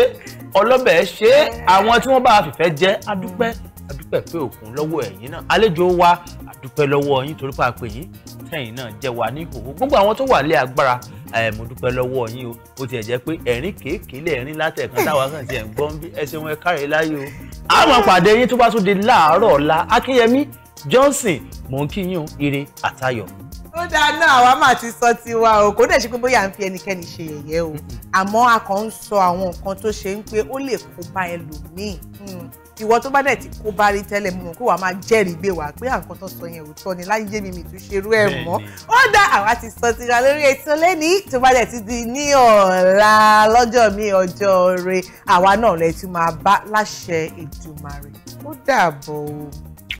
ọlọ́bẹ̀ ṣe àwọn tí wọ́n bá fìfẹ́ jẹ́ adúpẹ́ adúpẹ́ pé òkun lọ́wọ́ ẹ̀yin náà àlejò wa adúpẹ́ lọ́wọ́ yín torí pa àpè yín tẹ́yìn náà jẹ́ wà ní ìhòòhò gbogbo àwọn tó wà lé agbára mo dúpẹ́ lọ́wọ́ yín o ó tiẹ̀ jẹ́ pé ẹ̀rín kéèké lẹ́ẹ̀rín látẹ̀kan táwa kan tiẹ̀ ń gbọ́n bí ẹsẹ̀ wọn káre láyé o. a máa pàdé yín tó bá tún di láàárọ̀ ọ̀la akínyẹmí johnson mò ń kí yín o ire àtayọ̀ ó dáa náà àwa máa ti sọ tiwa o kò dẹ̀ ṣe pé bóyá à ń fi ẹnikẹ́ni ṣe yẹ̀yẹ́ o àmọ́ a kàn ń sọ àwọn nǹkan tó ṣe ń pé ó lè kó bá ẹlòmíì hmm ìwọ tó bá dẹ̀ ti kó bá rí tẹ́lẹ̀ mọ̀ kó wà máa jẹ́rìí gbé wá pé àǹkan tó sọ yẹn òótọ́ ni láyé mi mi tún ṣe irú ẹ̀ mọ́ ó dá àwa ti sọ ti ra lórí ètò lẹ́ni tó bá dẹ̀ ti di ní ọ̀la lọ́jọ́ mi ọjọ́ re àwa náà lè tún máa bá láṣẹ Èdùmàrè ó dàbọ̀ o.